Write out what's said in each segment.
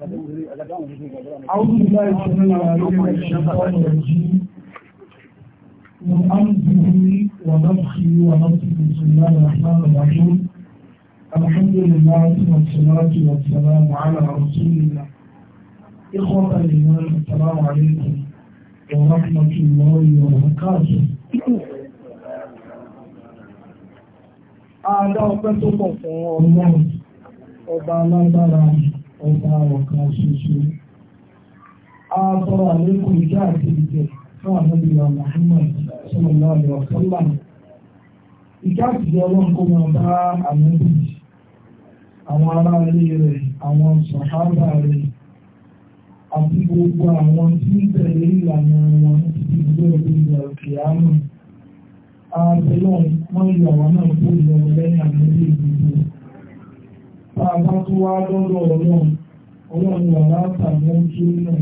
أعوذ بالله من الشيطان الرجيم من أمره ونفخه ونفخه بسم الله الرحمن الرحيم الحمد لله والصلاة والسلام على رسول الله إخوة الإيمان السلام عليكم ورحمة الله وبركاته Àádá ọpẹ́ tó pọ̀ fún ọba ọ̀kan ṣoṣo. A sọ̀rọ̀ àlékún ìjà àti ìjẹ fún àmọ́bí wa Muhammad sallallahu alaihi wa sallam. àti ìjẹ ọlọ́run bá àwọn rẹ̀, àwọn rẹ̀, àti gbogbo àwọn tí ń tẹ̀lé ìlànà wọn ti gbé ìgbà òkè àmì. Àbẹ̀lọ́run wọ́n yọ àwọn náà kó ìyọ̀wọ̀ lẹ́yìn Bàbá tó wá lọ́dọ̀ ọlọ́run, ọrụ wà látàrí ojú náà,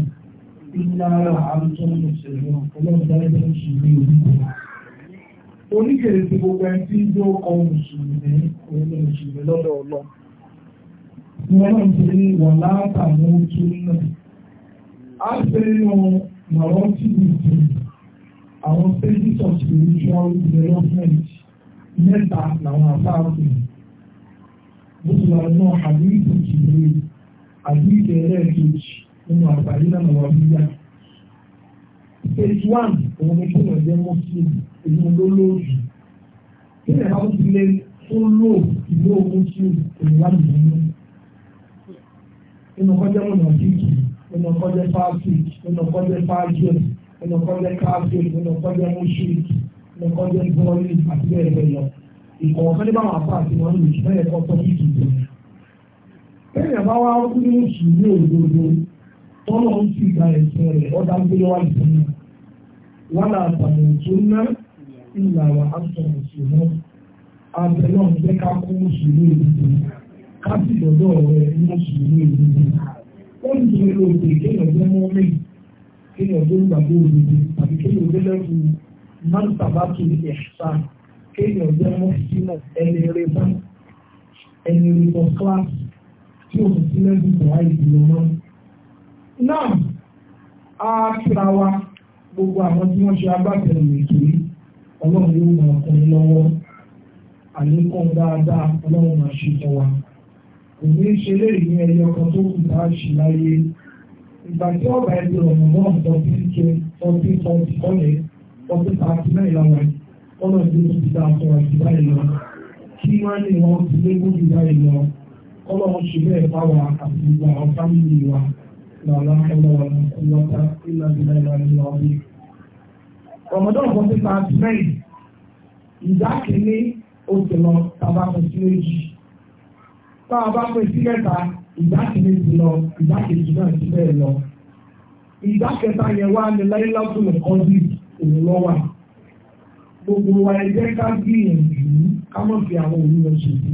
ìlàrà àrùtọ́ ìṣẹ̀lẹ̀ ọlọ́run dáadáa tí náà ti A ṣe nínú Nàrọ́tì Mùsùlùmí, àwọn spiritual development mẹ́ta làwọn bó ti wà nínú àdúgbò ìdílé àdúgbò ẹlẹ́ẹ̀kejì nínú àgbáyé náà wà níyà. page one òun ni kí wọ́n jẹ́ muslim èyí ló lóòjì kí ni àwọn ti lé fún lò ìlú muslim èyí láti nínú. nínú kọjá mọ̀nà kíkì nínú kọjá fásitì nínú kọjá fájẹ nínú kọjá káfíìn nínú kọjá mọ́ṣíìkì nínú kọjá bọ́ọ̀lì àti bẹ́ẹ̀ bẹ́ẹ̀ lọ ìkọ̀ọ̀kan ní báwọn afọ àti wọn lè ṣe bẹ́ẹ̀ kọ́ tọ́jú ìdìbò. Bẹ́ẹ̀ bá wá kú ní oṣù ní òdodo tọ́lọ̀ ń fi ìgbà ẹ̀sẹ̀ rẹ̀ ọ̀dà gbélé wá ìfún mi. Wọ́n là àtàwọn ètò ńlá ìlà wà á sọ oṣù náà. Abẹ náà jẹ́ ká kú oṣù ní òdodo. Ká sì dọ̀dọ̀ rẹ̀ ní oṣù ní òdodo. Ó ń jẹ́ òde kéèyàn jẹ́ mọ́mí, kéèyàn jẹ́ ìgbàgbọ́ òdodo, tàbí kéèyàn jẹ́ lẹ́kùn máa ń tàbá kiri kéèyàn jẹ́ mọ́sílẹ̀ ẹni eré bá ẹni eré bọ́ class tí o sì lẹ́bù bọ̀ àìdìbò náà. náà a kíra wa gbogbo àwọn tí wọ́n ṣe agbátẹrù ètò yìí ọlọ́run yóò mọ ọkùnrin lọ́wọ́ àlékún dáadáa ọlọ́run máa ṣe fún wa. òní ṣe léyìí ní ẹyẹ ọkàn tó kù bá ṣì láyé ìgbà tí ọba ẹgbẹ́ ọ̀nà náà sọ sí ike ọdún ọdún ọ̀lẹ́ ọdún tààtì náà ìlànà ọmọ ìlú ti ta àtọ̀rọ̀ jù báyìí lọ kí wọ́n ní wọn ti léwó jù báyìí lọ ọlọ́run ṣe bẹ́ẹ̀ báwa àti ìgbà àwọn fámìlì wa lọ́la ọlọ́run ọlọ́ta ìlànà ìlànà ìlànà Ramadan kan ti ta àtìmẹ́yìn ìdá kìíní oṣù lọ tàbá kan sí méjì tá a bá pè sí mẹ́ta ìdá kìíní ti lọ ìdá kejì náà ti bẹ́ẹ̀ lọ ìdá kẹta yẹn wá ní láyé látúnú kọ́ńtì òun lọ́wọ́ àti gbogbo wa ẹgbẹ́ ká gbìyànjú ká mọ̀ fi àwọn òun lọ ṣètò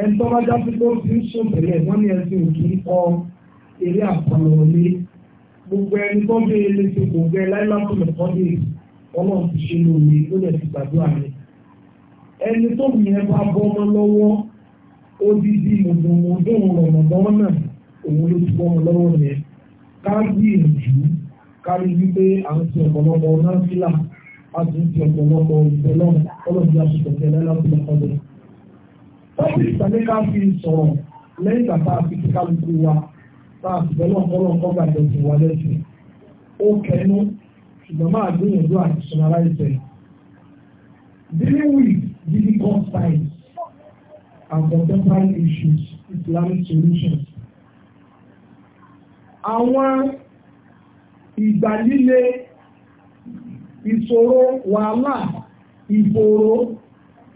ẹ̀ńtọ́ bá já pípọ́ tí ń ṣòbẹ̀lẹ̀ wọ́n ní ẹ̀sìn òkè ọ eré àpàlọ́lé gbogbo ẹni tó gbé ilé ti gbogbo ẹ láìláàpù lẹ́kọ́ dé ọlọ́run ti ṣe lóore ló lẹ̀ ti gbàdúrà rẹ̀ ẹni tó mi ẹ bá bọ́ ọmọ lọ́wọ́ odidi mọ̀dọ̀mọ̀dọ̀ rọ̀mọ̀dọ́ náà òun ló ti bọ́ ọmọ lọ́wọ́ rẹ̀ ká gbìyànjú ká rí wípé à ń sin ọ̀pọ̀lọpọ̀ náà fílà àdúgbò ọ̀pọ̀lọpọ̀ ìtẹ́lọ́ ọlọ́dún àṣìṣe tẹ̀lé lábúlé ọdún. tọ́pì ìtàlẹ́ ká fi sọ̀rọ̀ lẹ́yìn ìgbà tá a fi kíkà lùkù wa tá a fi bẹ́lọ̀ ọ̀pọ̀lọ̀ ọ̀gá ìjọsìn wa lẹ́sìn. ó kẹnu ṣùgbọ́n máa gbìyànjú àti sọ̀rọ̀ ìtẹ̀. dealing with difficult times and contemporary issues Islamic solutions. àwọn ìgbà líle ìṣòro wàhálà ìfòòró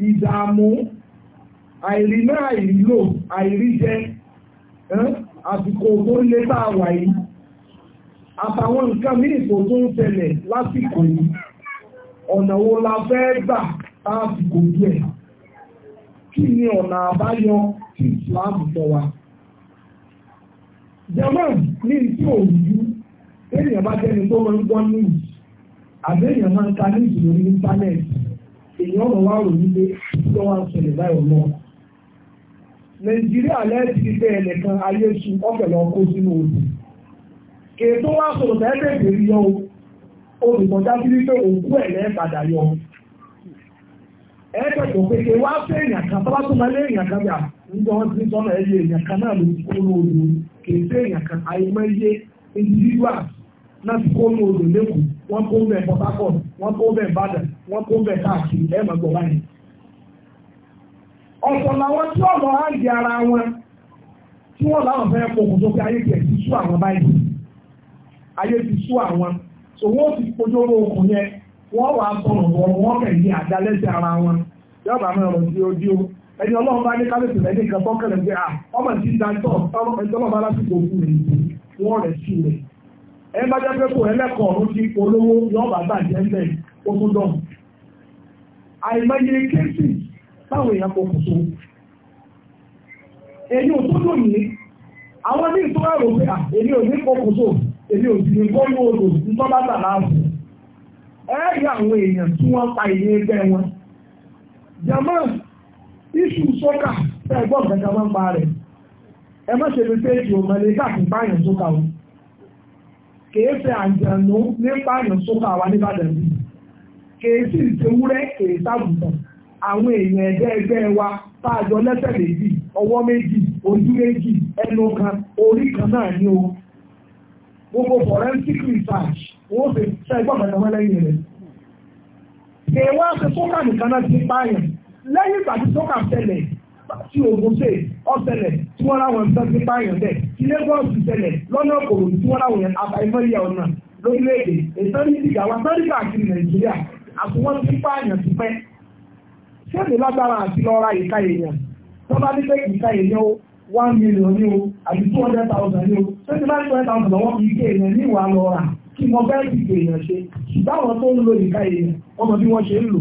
ìdààmú àìrínà àìrílò àìríjẹ àsìkò tó lé tá a wà yìí àtàwọn nǹkan míì tó tó ń ṣẹlẹ̀ lásìkò yìí ọ̀nà wo la fẹ́ gbà tá a fi kò díẹ̀ kí ni ọ̀nà àbáyọ tí Islam sọ wa. German ní tí òòjú téèyàn bá jẹ́ni tó máa ń gbọ́ news àbẹ́yàn máa ń ta ní ìṣòro ní íńtánẹ́ẹ̀tì èèyàn ọ̀rọ̀ wá rò nílé tó wá ń ṣẹlẹ̀ báyọ̀ mọ́. nàìjíríà lẹ́ẹ̀tì bẹ́ẹ̀ nìkan ayé su ọ̀fẹ̀lẹ̀ ọkọ̀ sínú odò. sọ̀rọ̀ yọ òkú ẹ̀ yọ. ẹ̀ẹ́dẹ̀gbọ̀n pé kí wá fẹ́ èèyàn kan tọ́lá tó máa lé èèyàn kan wọn ti náà wọ́n kó bẹ̀ Port Harcourt wọ́n kó bẹ̀ Ìbàdàn wọ́n kó bẹ̀ káàkiri lẹ́ẹ̀mọ̀ gbọ̀ báyìí. ọ̀pọ̀ làwọn tí wọ́n lọ áǹdì ara wọn tí wọ́n láwọn fẹ́ pokùn tó fi ayé tiẹ̀ ti sú àwọn báyìí ayé ti sú àwọn so wọ́n ti kojóró okùn yẹn wọ́n wàá sọ̀rọ̀ ọ̀rọ̀ wọn kẹ̀yìn àdálẹ́sẹ̀ ara wọn yọ̀ọ̀bà mẹ́rin ọ̀rọ̀ tí ó ẹni ọlọ́run bá ní kábíyèsí lẹ́ni nǹkan tọ́kẹ̀lẹ̀ pé à ọmọ ìdí dáńtọ̀ ọmọ ìdí ọlọ́run bá lásìkò òkú rẹ̀ wọ́n rẹ̀ sí rẹ̀ ẹ bá jẹ́ pé kò dị ọ̀run ti olówó lọ́ọ̀bà bàjẹ́ ńlẹ̀ ó tún àìmọye kéèsì táwọn èèyàn kò tó èyí ò tó lónìí àwọn ní ìtura rò pé èmi ò ní tó èmi ò sì ní kóyún odò nítorí bá tà láàbù ẹ̀rí àwọn èèyàn tí wọ́n pa ìyẹn ẹgbẹ́ wọn. iṣu sọ́kà tẹ́ kèéfẹ́ àjànú nípa àyàn sókà àwa nìbàdàn bí kèéfì ìṣewúrẹ́ kèéfà àgùntàn àwọn èèyàn ẹgbẹ́ ẹgbẹ́ wa fáàjọ lẹ́sẹ̀ méjì ọwọ́ méjì ojú méjì ẹnu kan orí kan náà ni o gbogbo forensic research wọ́n fi ṣe ẹgbọ́n kan náà lẹ́yìn rẹ̀ kèéwá ṣe sókà nìkan náà ti pààyàn lẹ́yìn ìgbà tí sókà ṣẹlẹ̀ tí ogun ṣe ọ̀sẹ̀lẹ̀ tí wọ́n láwọn ẹ̀mí sọ́kí báyọ̀ bẹ́ẹ̀ tí lẹ́gọ́ọ̀sì ṣẹlẹ̀ lọ́nà òkòrò tí wọ́n láwọn àbáyọ̀mọ́lẹ̀ ọ̀nà lórílẹ̀-èdè ètò ní ìgbà wa sọ́rí káàkiri nàìjíríà àtúwọ́n ti pààyàn ti pẹ́. sẹ́ẹ̀lì lágbára àti lọ́ra ìka èèyàn tó bá ní pé ìka èèyàn ó one million ní o àbí two hundred thousand ní o sẹ́ẹ̀lì bá ní two hundred thousand lọ́wọ́ ìka èèyàn ní ìwà lọ́ra kí mo bẹ́ẹ̀ ti èèyàn ṣe ṣùgbọ́n àwọn tó ń lo ìka èèyàn ọmọ bí wọ́n ṣe ń lò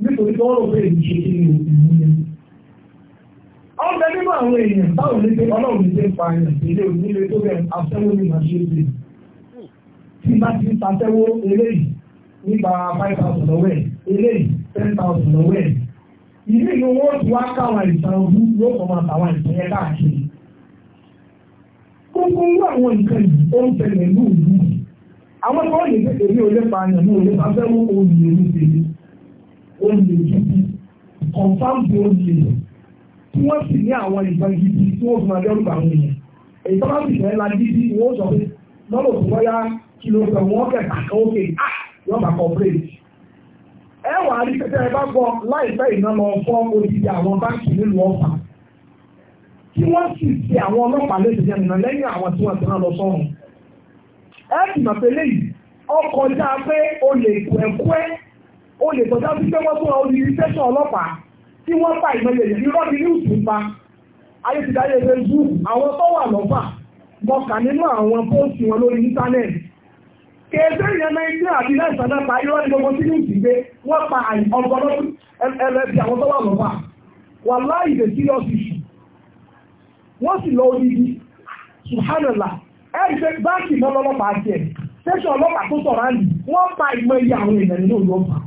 nítorí tó wọ́n lò pé èyí ṣe kí ní. ọ̀n nínú àwọn èèyàn táwọn ní pé ọlọ́run ní ń pa àyàn ilé onílé tó bẹ̀ afẹ́wó ní màá ṣe tí bá ti ń five thousand lọ́wọ́ ẹ̀ ten thousand lọ́wọ́ ẹ̀ ìlú wọn ti wá káwọn ojú yóò kọ́ máa tàwọn yẹn káàkiri. gbogbo àwọn nǹkan yìí ó ń tẹ̀lé ní àwọn tó lè olè gidi confam di olè tí wọ́n sì ní àwọn ìbọn gidi tí wọ́n fún adẹ́rù àwọn èèyàn èyí tó bá sì fẹ́ la gidi wọ́n sọ pé lọ́nà tó bọ́yá kí ló fẹ́ wọ́n kẹ̀ kàkà ókè á ah, yọ bà corporate. ẹ wà á rí pẹ́pẹ́ ẹ bá gbọ́ láìpẹ́ iná lọ fọ́ odidi àwọn báńkì nílùú ọ̀fà tí wọ́n sì ti àwọn ọlọ́pàá lè tẹ̀lé ẹ̀nà lẹ́yìn àwọn tí wọ́n ti rán lọ sọ́run ẹ sì mọ̀ pé léyìí ọkọ̀ já pé olè kú ẹ̀kú ẹ̀ o lè tọ́já sí pé wọ́n fún ọ ní tẹ́sán ọlọ́pàá tí wọ́n pa ìmọ̀lẹ̀ yìí rọ́ọ̀dì ní ìsìn pa ayé ti dáyé facebook àwọn tó wà lọ́fà mọ̀kà nínú àwọn póòsì wọn lórí íńtánẹ́ẹ̀tì ìyẹn àti pa irọ́ ní gbogbo sínú ní wọ́n pa wọ́n pa ìmọ̀ iye àwọn nínú ìlú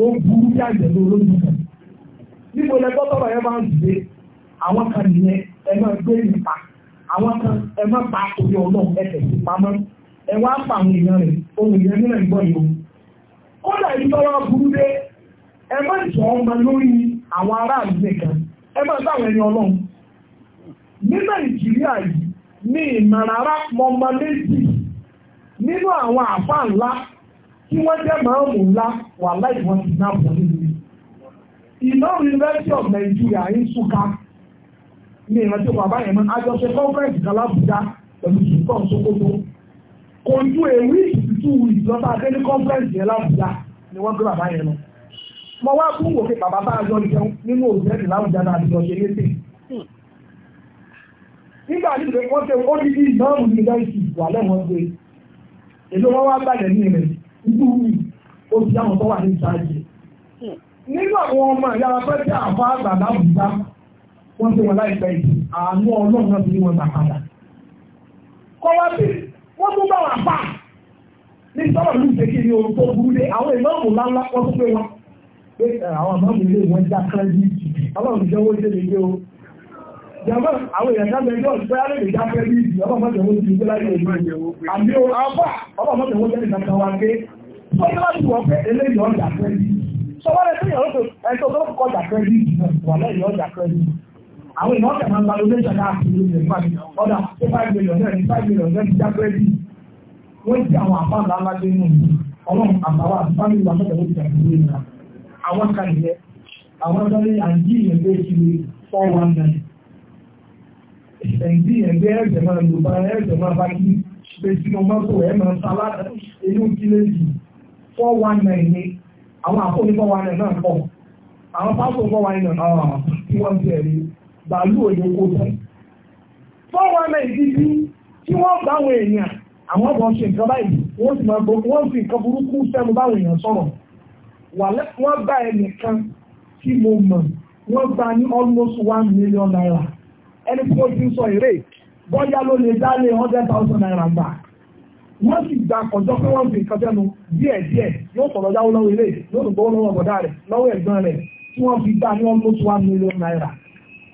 ó burú jáde lórí kan níbo lẹgbọ́ tọ́rọ̀ yẹn máa ń dìde àwọn kan nìyẹn ẹ máa gbé nípa àwọn kan ẹ máa pa orí sí pamọ́ ẹ wá pa àwọn èèyàn rẹ̀ ohun nílẹ̀ ń gbọ́ yìí o kódà yìí burú dé ẹ má jọ ọmọ lórí àwọn aráàlú nìkan ẹ má ọlọ́run ní nàìjíríà yìí ìmọ̀ràn ará méjì nínú àwọn àfáà ńlá kí wọ́n jẹ́ màámù ńlá wà láì wọ́n ti náà bọ̀ nínú mi. ìnáwó University of Nigeria ń súnká ní ìrántí bàbá yẹn mọ́ àjọṣe conference kan lábújá pẹ̀lú sultan Sokoto kò ju èwí ìtùtù ìjọba adéní conference yẹn lábújá ni wọ́n gbé bàbá yẹn lọ. mo wá fún wòkè bàbá bá a jọ jẹun nínú òṣèlú lábújá náà àjọ ṣe létè. nígbà tí wọ́n ṣe ó ní bí ìnáwó University wà lẹ́wọ̀n gbé èlò wọn wá gbàgbẹ́ ní ìrẹsì ìlú mi ó ti dáhùn tó wà ní ìsáájì. nínú àwọn ọmọ ìyá afẹ́ tí àfa àgbà láwùjá wọ́n ti wọ̀ láìpẹ́ yìí àánú ọlọ́run náà ti ní wọn gbàkadà. kọ́wá sí wọ́n tún bá wà fà ní sọ́wọ́n ìlú ìṣèkí ni ohun tó burú dé àwọn ìmọ̀ọ́mù ńláńlá wọ́n tún pé wọn pé àwọn àmọ́mù ilé ìwọ̀n já kẹ́rẹ́dì ọlọ́run jẹ́wọ́ Jàmọ́ àwọn èèyàn jáde ẹjọ́ ìgbé alẹ́ lè já fẹ́ bí ìdí ọ̀tẹ̀ máa ń balùwé ṣẹ̀dá àti ìlú ìjẹ̀wó. Ọ̀dà tó bá ìgbé lọ náà bá ìgbé lọ náà já fẹ́ Wọ́n ti àwọn àbá ńlá ńlá dé nù. àti fámìlì ní àǹjí ìyẹn ẹ̀yìn tí ẹgbẹ́ ẹ̀jẹ̀ máa lò bá ẹ̀jẹ̀ máa bá kí pé sínú mọ́tò ẹ̀ máa sálá inú kílẹ̀jì four one nine ni àwọn àkóní four one nine náà pọ̀ àwọn pásọ̀ four one nine náà ah, tí wọ́n ti ẹ̀rí bàálù òye kó tán four one nine tí wọ́n bá àwọn èèyàn àwọn ọ̀bọ̀ ṣe nǹkan báyìí wọ́n sì máa gbogbo wọ́n fi nǹkan burúkú sẹ́nu bá ẹnìkan tí mo wọ́n gba ní almost one million naira ẹni tí ó ti ń sọ èrè bọ́yá ló lè dá lé hundred thousand naira gbà wọ́n sì gba àkànjọ pé wọ́n fi nǹkan fẹ́nu díẹ̀ díẹ̀ yóò sọ̀rọ̀ yáwó lọ́wọ́ ilé yóò tún gbowó lọ́wọ́ ọ̀bọ̀dá rẹ̀ lọ́wọ́ ẹ̀gbọ́n rẹ̀ tí wọ́n fi gbà ní wọ́n ló tún wá mílíọ̀n náírà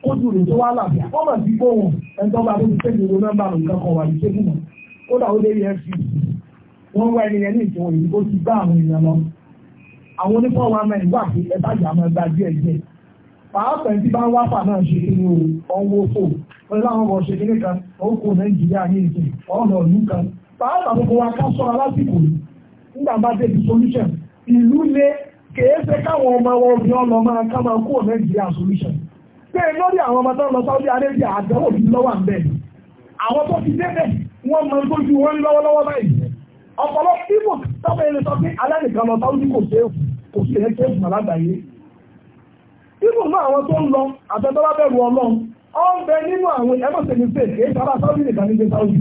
ó ju rè tó wá làbí àkọ́mọ̀ sí gbóhùn ẹ̀ńtọ́ bá tó ti tẹ̀lé ìlú nọ́mbà nù nǹkan kan wà ní ṣé fún kódà ó dé efcc wọ́n wá ẹni yẹn ní ìṣòwò ìdìbò ti gbá àwọn èèyàn lọ àwọn onífọwọ́ amẹ́rin wà pé ẹ bá jà máa gba díẹ̀ díẹ̀ pàápàá ẹni tí bá ń wáfà náà ṣe kí ni ọwọ́ fò pẹ̀lú àwọn ọmọ ṣe kí nìkan ọkọ̀ nàìjíríà ní ìsìn ọ̀nà ìlú kan pàápàá gbogbo wa ká sọ́ra lásìkò yìí nígbà bá débi solution ìlú lé kèése káwọn ọmọ wọn obìnrin ọlọ máa ká máa kó nàìjíríà solution pé lórí àwọn ọmọ tó ń lọ Saudi Arabia àdánwò ti lọ́wọ́ àbẹ̀ àwọn tó ti débẹ̀ wọ́n máa ń tójú wọn lọ́wọ́lọ́wọ́ báyìí ọ̀pọ̀lọpọ̀ ibo tọ́pẹ́ ilé sọ pé alẹ́ nìkan lọ Saudi kò séèfù kò sí ẹ̀ séèfù màlágbàáyé nínú àwọn tó ń lọ àtẹ́tọ́lá bẹ̀rù ọlọ́run ó ń bẹ nínú àwọn ẹgbẹ́sẹ̀ ní sèké sábà sáwọ́dì nìkan ní gbé sáwọ́dì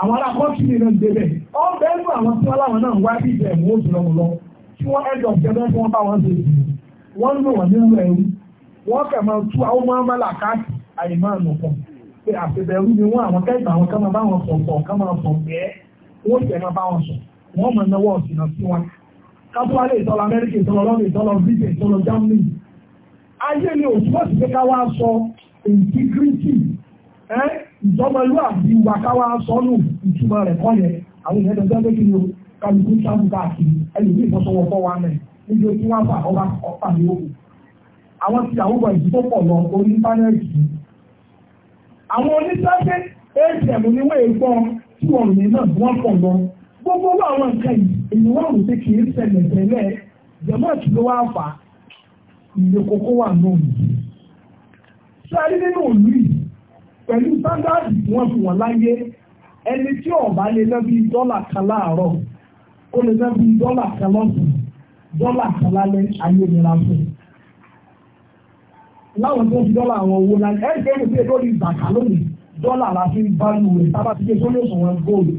àwọn ará kọ́ọ̀tù nínú ń débẹ̀ ó ń bẹ nínú àwọn tí wọ́n láwọn náà ń wá bí ìjẹ́ ìmú òjò lọ́wọ́ lọ tí wọ́n ẹ̀dọ̀ jẹ́dọ́ tí wọ́n bá wọn ṣe ìdìbò wọ́n ń lò wọ́n nínú ẹ̀rú wọ́n kẹ̀ máa tú àwọn máa ń bá làkáàtì àyèmá ànùkọ̀ pé àfẹ́bẹ̀rú ni wọ́n àwọn kẹ́gbà àwọn kọ́ máa bá wọn sọ̀tọ̀ kọ́ máa sọ̀ pé wọ́n tẹ̀ máa bá wọn sọ̀ wọ́n máa náwó ọ̀sìn náà sí wọn. kápúwálé ìtọ́lọ amẹ́ríkà ìtọ́lọ lọ́nà ìtọ́lọ britain ìtọ́lọ germany ayé ni òṣùwọ́ ti fi káwá sọ integrity ìjọmọlú àti ìwà káwá sọ nù ìtumọ̀ rẹ̀ kọ́ yẹn àwọn èèyàn tó gbẹ́ kí ni o kálukú sáàmù káàkiri ẹlòmí ìfọsọwọ́ fọ́ wa mẹ́ níbi tí wọ́n fà ọba ọ̀pá ní òkú àwọn ti àwọn ọgbà ìdìbò pọ̀ lọ orí íńtánẹ́ẹ̀tì àwọn oníṣẹ́ṣẹ́ atm ní wọ́n èèpọ̀ tí wọ́n rìn náà wọ́n pọ̀ lọ gbogbo àwọn nǹkan yìí èyí wọ́n rò pé kì í ṣẹlẹ̀ tẹ́lẹ̀ jẹ̀mọ́ọ̀tì ló wá fà á ìyẹ kókó wà náà nìyí. Ṣé a rí nínú òlú yìí pẹ̀lú sáńdáàdì tí wọ́n fi wọ́n láyé ẹni tí ọ̀bá lè ná bíi dọ́là kan láàárọ̀ ó lè ná bíi dọ́là kan lọ́sàn-án dọ́là kan lálẹ́ ayé nira fún un. Láwọn tó ń fi dọ́là àwọn owó náà ẹ̀ ń gbé ìwé lórí ìgbàkà lónìí dọ́là la fi ń bá lù rẹ̀ tábà ti gbé sórí òṣùwọ̀n góòlù.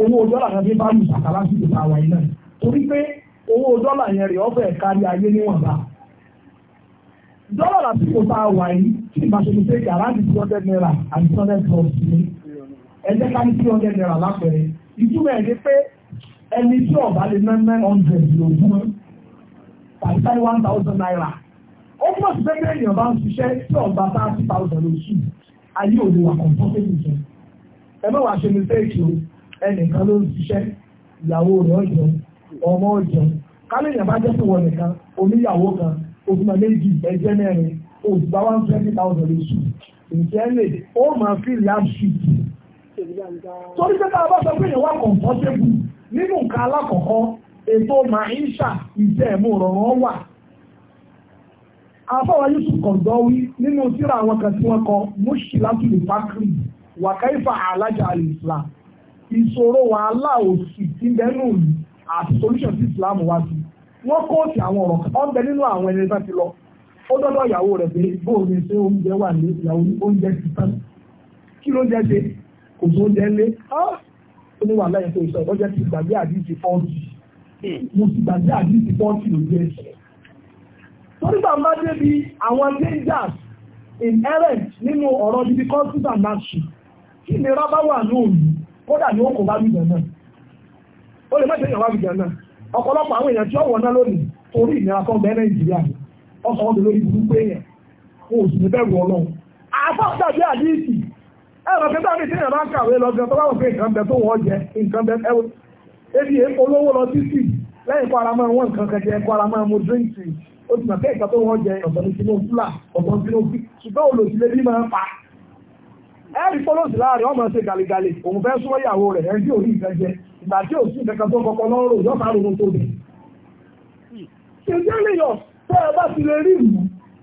Owó dọ́là kan fi ń bá lù ìgbàkà lásìkò àwọn ilẹ̀ torí pé owó dọ́là yẹn rẹ̀ ọ̀fẹ́ kárí ayé níwọ̀nba dọ́là lásìkò tá a wà yìí tí ìbáṣepọ̀ ṣe yàrá di two hundred naira àti two hundred plus ní ẹjẹ́ ká ní two hundred naira lápẹ̀rẹ̀ ìtumọ̀ ẹ̀ ni pé ẹni tí ọ̀bá lè ná nine hundred lógún tàbí tàbí one thousand naira ó pọ̀ sí pé bẹ́ẹ̀ bá ń ṣiṣẹ́ tí ọ̀gbà thirty thousand lóṣù ayé òde wà comfortable jù ẹ bá wàá ṣe mistake o ẹnìkan ló ń ṣiṣẹ́ ìyàwó rẹ̀ ọ̀jọ̀ ọmọ ọ̀jọ̀ kálíyàn bá jẹ́ sí wọn nìkan oníyàwó kan òfìmọ̀ méjì ẹ̀jẹ̀ mẹ́rin òṣùpá one twenty thousand oṣù ìjẹ́lẹ̀ ó máa fi lamb sheet. torí pé káà bá sọ pé ìwà nínú nǹkan alákọ̀ọ́kọ́ ètò ẹ̀mú wà. yusuf nínú síra àwọn kan tí wọ́n kọ fákìrì alájà ìṣòro wàhálà òsì islam wá wọ́n kóòtù àwọn ọ̀rọ̀ ọ̀n bẹ nínú àwọn ẹni bá ti lọ ó dọ́dọ̀ ìyàwó rẹ̀ pé bóòlù ṣé oúnjẹ wà ní ìyàwó oúnjẹ ti tán kí ló jẹ́ ṣe kò sí oúnjẹ ńlé ó ní wàhálà yẹn tó sọ ìtọ́jẹ́ ti gbàgbé àdìsí fọ́ọ̀tì mo ti gbàgbé àdìsí fọ́ọ̀tì lójú ẹsẹ̀ torí bàbá débi àwọn dangers inherent nínú ọ̀rọ̀ bíbí kọ́ńtútà máa ṣù kí ni rábà wà ní òòlù kódà ní ó kò bá bìjọ náà ó lè má ṣe ìyàwó àbìjọ náà ọ̀pọ̀lọpọ̀ àwọn èèyàn tí ọ̀wọ̀ náà lónìí torí ìnira kan bẹ́ẹ̀ nàìjíríà tó wọ́n jẹ ọ̀sán ní sinú fúlà ọ̀sán sinú fi ṣùgbọ́n olùsílẹ̀ bí máa ń pa ẹ̀rí fọlọ́sì láàrin ọmọ ṣe gàlégàlé òun fẹ́ súnmọ́ ìyàwó rẹ̀ ẹ̀ ìgbà tí ò sí kankan tó kọ́kọ́ lọ́rùn yóò máa ronú tó bẹ̀. ṣèjẹ́ lèyàn tẹ́ ẹ bá ti lè rí ìlú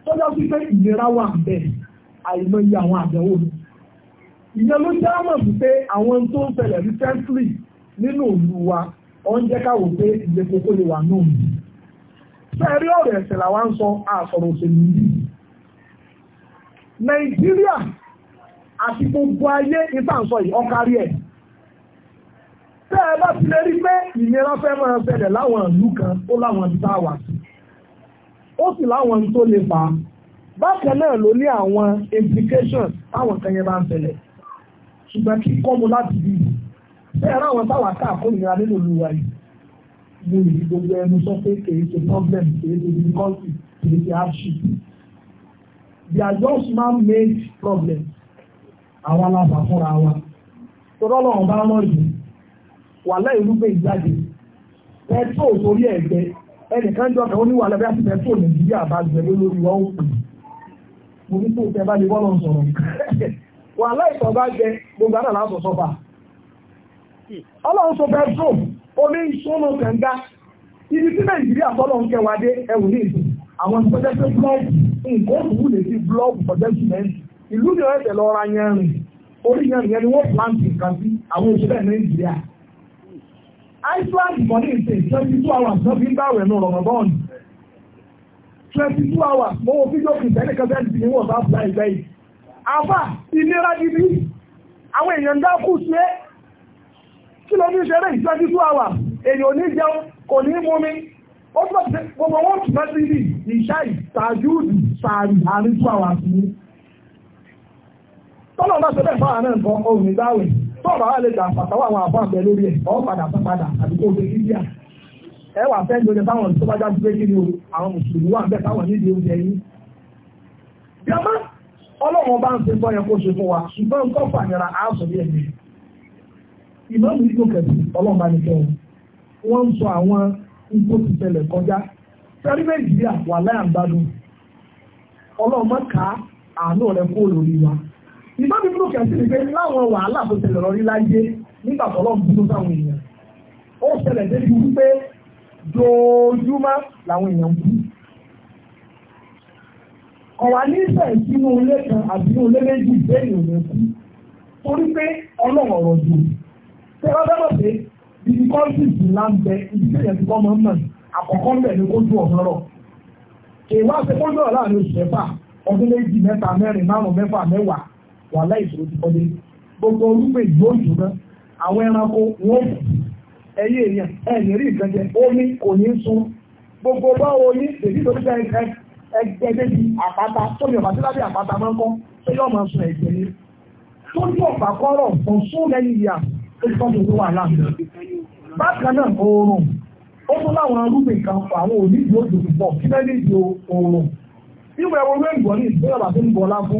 tó jọ sí pé ìlera wà bẹ́ẹ̀ àìmọye àwọn àdánwò ni. ìyẹn ló jẹ́ àmọ̀ sí pé àwọn tó ń ṣẹlẹ̀ ní tẹ́ńtìlì nínú ìlú wa ọ̀ ń jẹ́ káwò pé ilé kókó lè wà náà nù. sẹ́ẹ̀rí ọ̀rọ̀ ẹ̀sẹ̀ làwa ń sọ àsọ̀rọ̀ òṣèlú yìí. Nàìjíríà àti gbogbo ayé ìtànsọ yìí ọ̀kárí ẹ̀ tẹ́ ẹ bá ti lè rí pé ìnira fẹ́ máa ṣẹlẹ̀ láwọn ìlú kan ó láwọn ibi tá a wà sí ó sì láwọn ohun tó lè fà á bákan náà ló ní àwọn implications táwọn kan yẹn bá ń ṣẹlẹ̀ ṣùgbọ́n kí kọ́mu láti bí i ẹ ráwọn táwa ká àkóyìnra nínú ìlú yìí mo yìí gbogbo ẹnu sọ pé kèé ṣe problem kèé ṣe difficulty kèé ṣe hardship they are just man-made problems àwa la fà fúnra wa tó lọ́lọ́run bá mọ̀ yìí wàhálà ìlú gbé ìjáde pẹ̀tró sórí ẹ̀gbẹ́ ẹnìkan jọ kan ó ní wàhálà bí a ti pẹ̀tró nàìjíríà bá jẹ lórí wọn ó pè mo ní kó tẹ bá lè wọ́n lọ sọ̀rọ̀ wàhálà ìtọ̀ bá jẹ gbogbo àná láti sọ fà ọlọ́run sọ pẹ̀tró omi ìṣúná kẹ̀ǹgá ibi tí nàìjíríà tọ́lọ̀ ń kẹwàdé ẹ̀wù ní ìsìn àwọn ìpẹ́jẹ́ pé blọ́ọ̀kì nǹkan òkú lè fi blọ́ọ̀kì pọ̀jẹ́ sìmẹ́ntì ìlú ni ọ̀ẹ́dẹ̀ lọ́ra yẹn rìn orí yẹn rìn yẹn ni wọ́n plant nǹkan sí àwọn òṣèlú nàìjíríà Iceland kọ́ ní ìsè twenty two hours ló fi ń báwẹ̀ nù rọ̀mọ̀bọ́ọ̀nù twenty two hours mo wo fídíò kìtẹ́nì kan fẹ́ẹ́ dìbò wọ́n sáà fúláì bẹ́ẹ̀ yìí. àbá ìlera gidi àwọn èèyàn ń dákú sí ẹ́ kí ló ní ṣeré yìí twenty two hours èèyàn ò ní jẹun kò ní mú mi ó tún bàtí gbogbo wọn tún bá sí ibi ìṣá ìtajúdù sàárì àárín two hours ni. tọ́lọ́ bá ṣe bẹ́ẹ̀ fáwọn náà nǹkan ohun ìgbàwẹ̀. tọ́ọ̀bà a lè gbà pàtàwọ́ àwọn àbọ̀ àbẹ̀ lórí ẹ̀ ọ́ padà fún padà àbí kó o ṣe kíndíà ẹ wà fẹ́ lóde fáwọn tó bá já pé kí ni àwọn mùsùlùmí wà ń bẹ̀ fáwọn nídìí oúnjẹ yìí. ọlọ́run bá ń kó ṣe fún wa ṣùgbọ́n nǹkan bí ìbábi fún òkè àti láwọn wàhálà tó ṣẹlẹ̀ lọ rí láyé nígbà tọ́lọ́ dúró sáwọn èèyàn ó ṣẹlẹ̀ débi wípé dojúmọ́ làwọn èèyàn kú ọ̀wà ní ìfẹ́ sínú ilé kan àti ilé méjì bẹ́ẹ̀ ò ní kú torí pé ọlọ́run ọ̀rọ̀ jù ṣé wọ́n fẹ́ràn pé ibi kọ́ńtìsì ńlá ń bẹ ibi tí èèyàn ti kọ́ mọ́ mọ́ àkọ́kọ́ ń bẹ̀ ní kójú ọ̀rọ̀ rọ̀ èèwọ̀ àti kójú ọ̀rọ̀ láàrin oṣù mẹ́fà ọdún méjì mẹ́ta mẹ́rin márùn-ún mẹ́fà mẹ́wàá wà láìsòro ti kọ́lé gbogbo orúgbè yóò jù náà àwọn ẹranko wọ́n ẹyẹ èèyàn ẹ̀yìn rí nǹkan jẹ omi kò ní sun gbogbo bá omi èyí tó dé ẹgbẹ́ bí àpáta tóbi ọ̀bà tí lábẹ́ àpáta máa ń kọ́ tó yọ̀ máa sun ẹ̀jẹ̀ ni tó ní ọ̀pá kọ́rọ̀ fún sún lẹ́yìn ìyá tó ti kọ́jú owó wàhálà bákan náà oòrùn ó tún láwọn arúgbìn kan fún àwọn òní yóò dùn púpọ̀ kí lẹ́yìn ìdí oòrùn ìwẹ̀ orí ẹ̀gbọ́n ní ìgbéyàwó àti ń bọ̀ lábú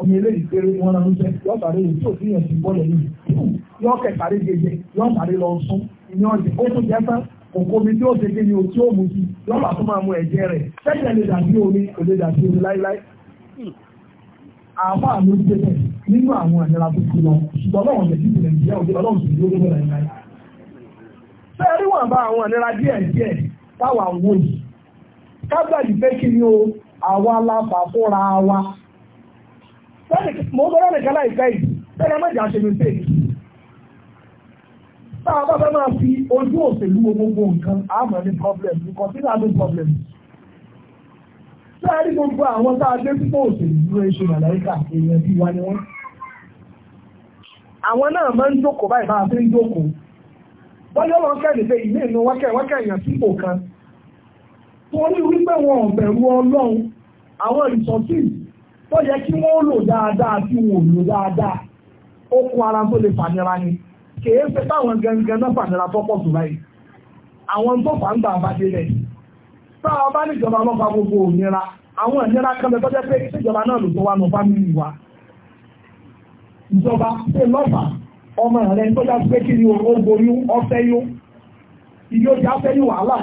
ọmọ eléyìí péré wọn náà ń jẹ yóò sáré yìí tí òfin yẹn ti bọ́ lẹ́yìn yóò kẹsàrí jẹjẹ yóò sáré lọ sún ìyẹn ọjẹ ó tún jẹ tán òkú omi tí ó ṣe kí ni o tí ó mu sí yóò bá tún máa mu ẹ̀jẹ̀ rẹ̀ sẹ́jẹ̀ lè dàbí omi kò lè dàbí omi láíláí. àbá mi ti tẹ̀ nínú àwọn ìnira tó ti lọ ṣùgbọ́n náà wọ́n jẹ́ títí nàìjíríà òde ọlọ́run sì ló gbọ́dọ̀ láíláí. sẹ́ẹ̀rí wọn bá àwọn ìnira mo sọ́rọ̀ nìkan láìpẹ́ yìí tẹ́lẹ̀ mẹ́jọ àṣẹlẹ̀ tẹ́ táwọn bá fẹ́ máa fi ojú òṣèlú gbogbo nǹkan àmọ́ ní problem ní consider no problem sáà ní gbogbo àwọn tá a gbé púpọ̀ òṣèlú ló ń ṣe màláìkà èèyàn bí wa ni wọ́n àwọn náà máa ń jókòó báyìí bá a fi ń jókòó bọ́yọ́ wọn kẹ́ nípe ìlú ìlú wákẹ́ wákẹ́ èèyàn sípò kan torí wípé wọn ò bẹ̀rù ọlọ́run àwọn ìsọ̀tìsì tó yẹ kí wọ́n lò dáadáa tí wọ́n lò dáadáa ó ara tó lè fànira ni kèé ṣe táwọn gangan náà fànira tó pọ̀ tó báyìí àwọn tó fà ń gbà bá délẹ̀ bá ọlọ́pàá gbogbo òmìnira àwọn ìnira kan lè pé ìjọba náà lò tó wà nù wa ìjọba ṣe lọ́fà ọmọ tó pé kí ni borí ọfẹ́ yó ìyó ti afẹ́ wàhálà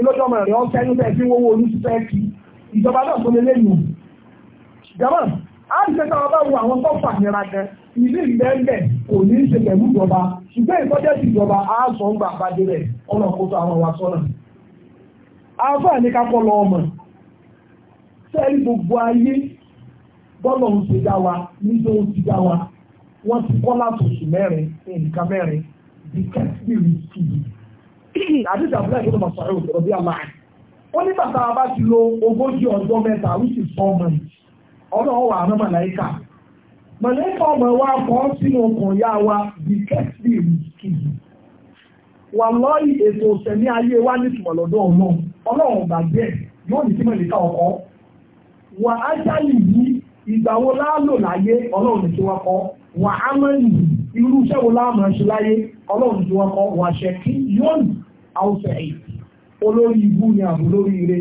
ilójú ọmọ rẹ̀ ọ̀sẹ̀ ẹni bẹ́ẹ̀ fi wọ́wọ́ olú sísẹ́ kí ìjọba náà tó lé lẹ́yìn òun. jẹ́mọ̀ á ti ṣe táwọn wo àwọn tó fàmìlà gan ilé kò ní í ṣe pẹ̀lú ìjọba ṣùgbọ́n ìtọ́jẹ́ ti ìjọba sọ ń rẹ̀ ọ̀nà kóso àwọn wa sọ́nà. kọ́ lọ ọmọ gbogbo ayé bọ́lọ̀ ń ṣe wa wa wọ́n ti kọ́ látòṣù mẹ́rin àdìsí àbúlẹ̀ ìlú bí ní bàtà bá ti lo ogójì ọjọ́ mẹ́ta àná ọmọ wa kọ́ sínú ọkàn yá wa the case be wà lọ́ọ̀yì ètò òṣèlú ayé wa ní tùmọ̀lọ́dọ̀ ọlọ́run ọlọ́run gbàgbé yóò ní wà yìí ìgbà wo láàlò láyé ọlọ́run kọ́ wà irú iṣẹ́ wo ṣe láyé ọlọ́run kọ́ wà ṣẹ́kí yóò àwùsẹ̀ yìí olórí ibú ni àbò lórí ire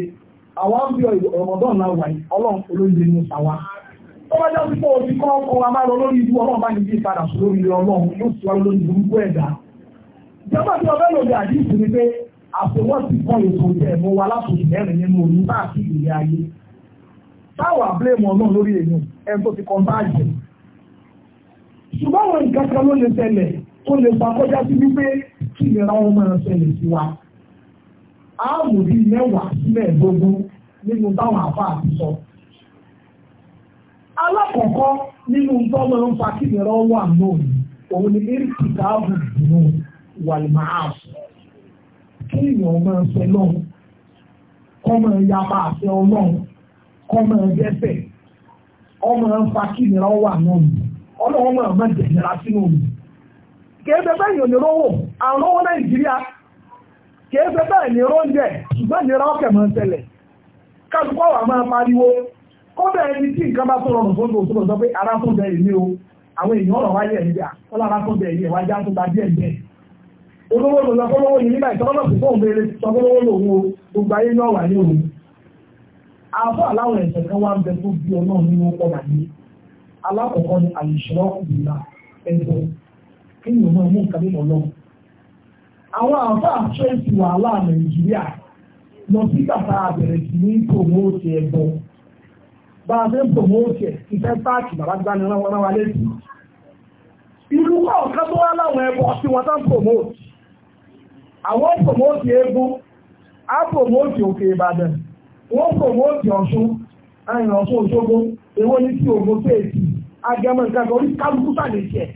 àwọn bí ọ̀rọ̀mọ̀dọ́n náà wà yìí ọlọ́run olórí ire ní sàwà ó bá jẹ́ pípọ̀ òbí kọ́ ọkọ̀ amáró lórí ibú ọlọ́run bá ní bí padà sí lórí ire ọlọ́run yóò sì wá lórí burúkú ẹ̀dá ìjọba tí ọbẹ̀ lòdì àdìsí ni pé àfọwọ́ ti kọ́ ètò ẹ̀mú wa látòkè ẹ̀rìn nínú òní bá àti ìgbé ayé táwọn àbúlẹ̀mọ̀ náà lórí èèyàn ẹni kí ìlera wọn máa ṣẹlẹ̀ sí wa. Áàmù bíi mẹ́wàá sí mẹ́ẹ̀ẹ́dógún nínú táwọn àfa àti sọ. Alákọ̀ọ́kọ́ nínú tó máa ń fa kí ìlera wọn wà lóòrùn òun ni eré kìtàbù dùnú wàlùmọ́ àṣọ. Kí ìyàn máa ṣe lọ́hùn kọ́ máa yapa àṣẹ ọlọ́run kọ́ máa dẹ́ṣẹ̀ ọmọ ń fa kí ìlera wọn wà lóòrùn ọlọ́run máa má jẹ̀jẹ̀ra sínú òòrùn. kèéfẹ́ bẹ́ẹ̀ ni onírówó àrùn owó nàìjíríà kèéfẹ́ bẹ́ẹ̀ ni róúnjẹ ṣùgbọ́n ìnira ọkẹ̀ máa tẹ̀lẹ̀ kálukọ́ wà pariwo kódà ẹni tí nǹkan bá tó rọrùn fún ara tó bẹ o bẹ gbogbo anyị ọ kí ni ọmọ ẹ̀mú nǹkan mímọ́ lọ́wọ́. àwọn àǹfààní tírèsì wàhálà nàìjíríà lọ sí bàtà àbẹ̀rẹ̀ sí ní promote ẹ̀bọ bá a fẹ́ promote ẹ̀ ìfẹ́ páàkì bàbá gbani rán wa létí. ìlú kọ̀ọ̀kan tó wá láwọn ẹbọ tí wọ́n tán promote àwọn promote eégún á promote òkè ìbàdàn wọ́n promote ọ̀ṣun àyìn ọ̀ṣun òṣogbo èwo ní tí ògbó tèèkì agẹmọ nǹkan kan orí kálukú sàlẹ̀ tiẹ̀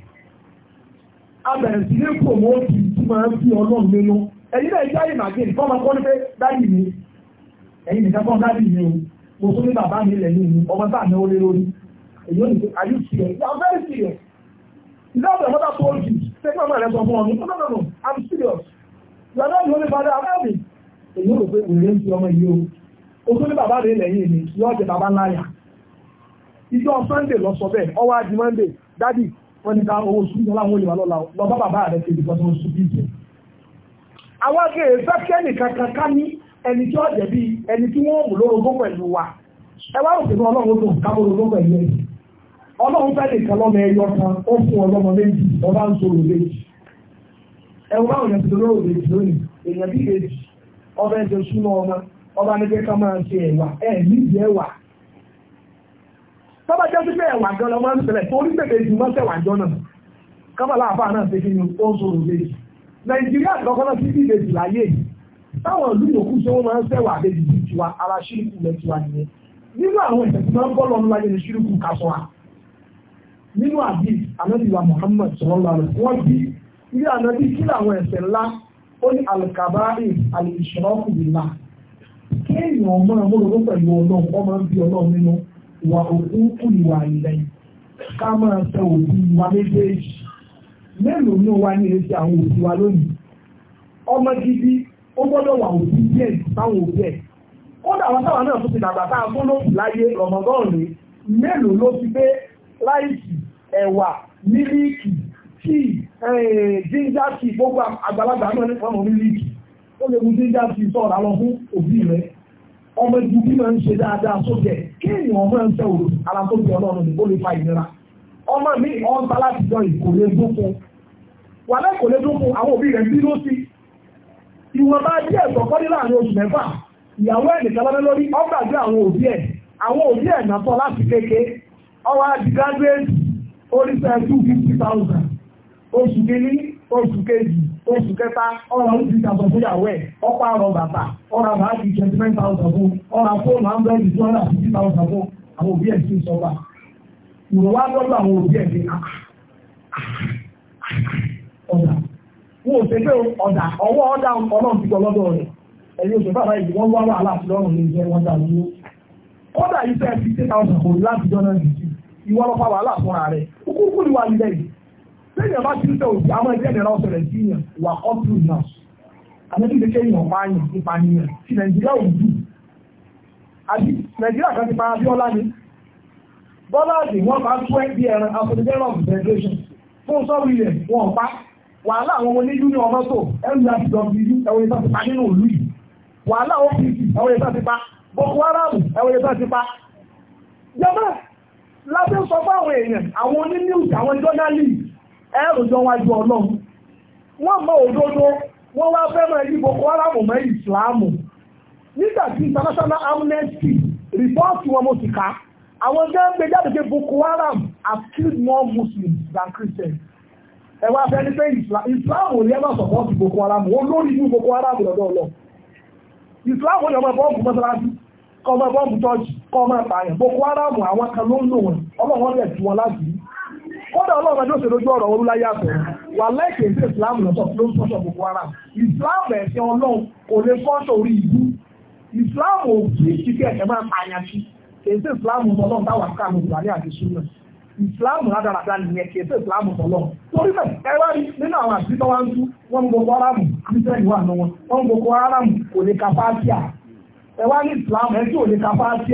abẹ̀rẹ̀ sí ní promote tí máa ń fi ọlọ́run nínú ẹ̀yin náà jẹ́ àyè màgé nǹkan máa kọ́ pé dáàdì mi ẹ̀yin nìkan kọ́ dáàdì mi o mo tún ní bàbá mi lẹ́yìn mi ọmọ tá à náwó lé lórí èyí ò ní pé are you serious you are very serious you know the mother told you ṣé kí ọmọ rẹ sọ fún ọ ní no no no i'm serious you are not the only father i'm happy èyí ò rò pé wèrè ń fi ọmọ yìí o o tún ní bàbá mi lẹ́yìn mi yóò wọ́n ní ká owó sùn jọ láwọn olùwà lọ́la lọ bàbá rẹ̀ kejì bọ́ tó ń ìjẹ́. àwọn akéèrè fẹ́kẹ́ nìkan kankan ní ẹni tí ó jẹ̀bi ẹni tí wọ́n mú lórogún pẹ̀lú wa ẹ wá ọlọ́run tó ká pẹ̀lú ọlọ́run fẹ́ lọ́mọ ẹyọ kan ó fún ọlọ́mọ méjì ọba ń ẹ yẹn ti tọ́bá jẹ́ sípé ẹ̀wà jọ lọ máa ń tẹ̀lẹ̀ torí pèpè jù mọ́ sẹ̀wà jọ náà kábàlá àbá náà ṣe kí ni ó ń sọ̀rọ̀ méjì nàìjíríà kọ́kọ́ náà síbí ìbejì láyé táwọn ìlú yòókù ṣé wọ́n máa ń sẹ̀wà àbejì jù tiwa ara ṣírìkù lẹ́ tiwa nìyẹn nínú àwọn ìṣẹ̀tì máa ń bọ́ lọ́nu láyé ní ṣírìkù kásọ̀ wa nínú àbí anábìwa Muhammad sọ̀rọ̀ lọ́rọ̀ wọ́n bí ilé anábì kí làwọn ẹ̀ṣẹ̀ ńlá ó ní alùkàbárì alùsọ̀rọ̀kù bìlà kéèyàn ọmọ ọmọ olóró pẹ̀lú ọlọ́run ọmọ wà òkú kùnìwà ilẹ̀ ká máa tẹ òbí wa méjèèjì mélòó ní wa ní èsì àwọn òbí wa lónìí ọmọ gidi ó gbọ́dọ̀ wà òbí díẹ̀ táwọn òbí ẹ̀ kódà wọn táwọn náà tó ti dàgbà tá a tó lóòtù láyé rọmọgọ́ọ̀nù mélòó ló ti gbé láìsì ẹ̀wà mílíìkì tíì jíńjà eh, tíì gbogbo àgbàlagbà náà ní fọ́nà mílíìkì ó lè mú jíńjà tíì sọ̀rọ̀ àlọ́ fún òbí rẹ̀ ọmọ ibi bí máa ń ṣe dáadáa sókè kéèyàn ọmọ ẹ̀ ń fẹ́ òru ara tó bí ọlọ́run ní ó lè fa ìnira ọmọ mi ọba láti jọ ìkò lè dúnkù wà láì kò lè dúnkù àwọn òbí rẹ̀ ń bínú sí ìwọ̀n bá díẹ̀ sọ̀kọ́ ní láàrin oṣù mẹ́fà ìyàwó ẹ̀ nìkan lọ́dẹ lórí ọgbà bí àwọn òbí ẹ̀ àwọn òbí ẹ̀ nàtọ̀ láti kéke ọwọ́ àdìgágbé oríṣẹ́ two fifty thousand oṣù kìíní oṣù kejì oṣù kẹta ọ̀rọ̀ àwọn ti ṣàtọ̀ fún ìyàwó ẹ̀ àrọ̀ bàbà ọ̀rọ̀ àwọn àti ọrụ ọ̀rọ̀ àfóònù hundred two àwọn òbí ẹ̀ sí sọ́wà ìwọ wá lọ́dọ̀ àwọn òbí ẹ̀ sí ah, ah, ah, ọ̀dà ò ṣe pé ọ̀dà ọwọ́ ọ̀dà ọlọ́run ti gbọ́ lọ́dọ̀ rẹ̀ bàbá yìí wọ́n wá wàhálà àti lọ́rùn téèyàn bá ti ń tẹ òjì àwọn ẹgbẹ́ ìnira ọ̀sẹ̀rẹ̀ sí yàn wà ọ́pù náà àmọ́tí lè kéyìn ọ̀pá yàn nípa nìyàn tí nàìjíríà ò dù àbí nàìjíríà kan ti pa abíọ́lá ni bọ́lá àti wọ́n bá tó ẹgbẹ́ ẹran afọ̀dẹ́gbẹ́rọ̀ federation fún sọ́ọ̀rù ilẹ̀ wọn pa wàhálà àwọn ọmọ ní union ọmọ tó nurw ẹwọ́n ìta ti pa nínú òlú yìí wàhálà opc ẹwọ́n ìta ti pa boko haram ẹwọ́n ìta ti pa jọba lábẹ́ sọ fún àwọn èèyàn àwọn oní news àwọn jọ́nálì ẹrùjọ wájú ọlọ́run wọ́n mọ òdodo wọ́n wá fẹ́ boko haram mọ ìsìláàmù nígbà tí international amnesty rìpọ́ọ̀tì wọn mo sì ká àwọn gẹ́gẹ́ jáde pé boko haram have killed more muslims than christians ẹ wá fẹ́ ní pé ìsìláàmù boko haram lórí boko haram lọ́dọ̀ ni ọmọ mọ́sálásí kọ́ ọmọ tọ́jú kọ́ ọmọ boko haram àwọn kan ló ń lò wọn ọlọ́run tí wọn láti rí kódà ọlọ́run ló ṣe lójú ọ̀rọ̀ láyé wà láìpẹ́ lọ́sọ̀ ń sọ́sọ̀ gbogbo ara ìsìláàmù ẹ̀sìn ọlọ́run kò lè orí ìlú ò sí wà ní ọlọ́run torí ẹ wá rí nínú àwọn wa ń tú wọ́n gbogbo aráàmù kírísítẹ́nì wà náà wọ́n gbogbo aráàmù kò lè ẹ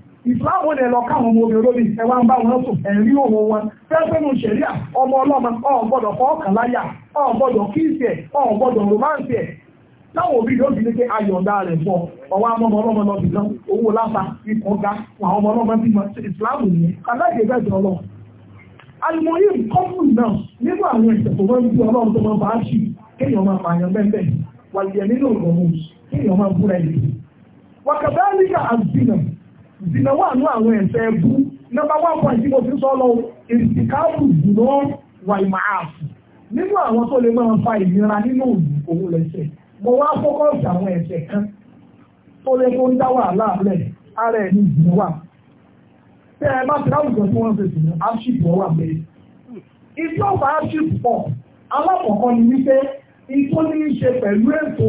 ìsìláàmù lè lọ káwọn ọmọ obìnrin lórí ẹwà ń bá wọn sùn ẹ̀rí òwò wọn fẹ́ẹ́fẹ́nu ṣẹ̀ríà ọmọ ọlọ́mọ ọ̀gbọ́dọ̀ fọ́ọ̀kàn láyà ọ̀gbọ́dọ̀ kíìsì ẹ̀ ọ̀gbọ́dọ̀ romance ẹ̀ táwọn òbí yóò fi ní pé ayọ̀ǹda rẹ̀ fọ ọwọ́ amọ́mọ ọlọ́mọ lọ bìkan owó láta ikọ̀ ga àwọn ọmọ ọlọ́mọ bí mọ ìsìláàmù ni aláìsè bẹ́ẹ̀ jọ lọ. alimoyim kọ́pù náà nínú àwọn ẹ̀sẹ̀ tó máa ń bí ọlọ́run tó máa bá a ṣì kéèyàn máa pààyàn bẹ́ẹ̀ dìnà wà ní àwọn ẹ̀fẹ́ ẹbú nọ́mbà one point tí mo fi sọ lọ ìsìkáàbù dùnà wà ìmọ̀ ààfù nínú àwọn tó lè máa fa ìnira nínú òòlù òun lẹ́sẹ̀ mo wá fọ́kọ́sì àwọn ẹ̀sẹ̀ kan tó lè kó ń dá wàhálà lẹ̀ ara ẹ̀ ní ìdùnnú wà tẹ́ ẹ bá ti láwùjọ tí wọ́n ń fèsì ní áṣípù ọwà bẹ́ẹ̀ ìjọ ọba áṣípù pọ̀ alákọ̀ọ́kọ́ ni wípé ìtó ní í ṣe pẹ̀lú ètò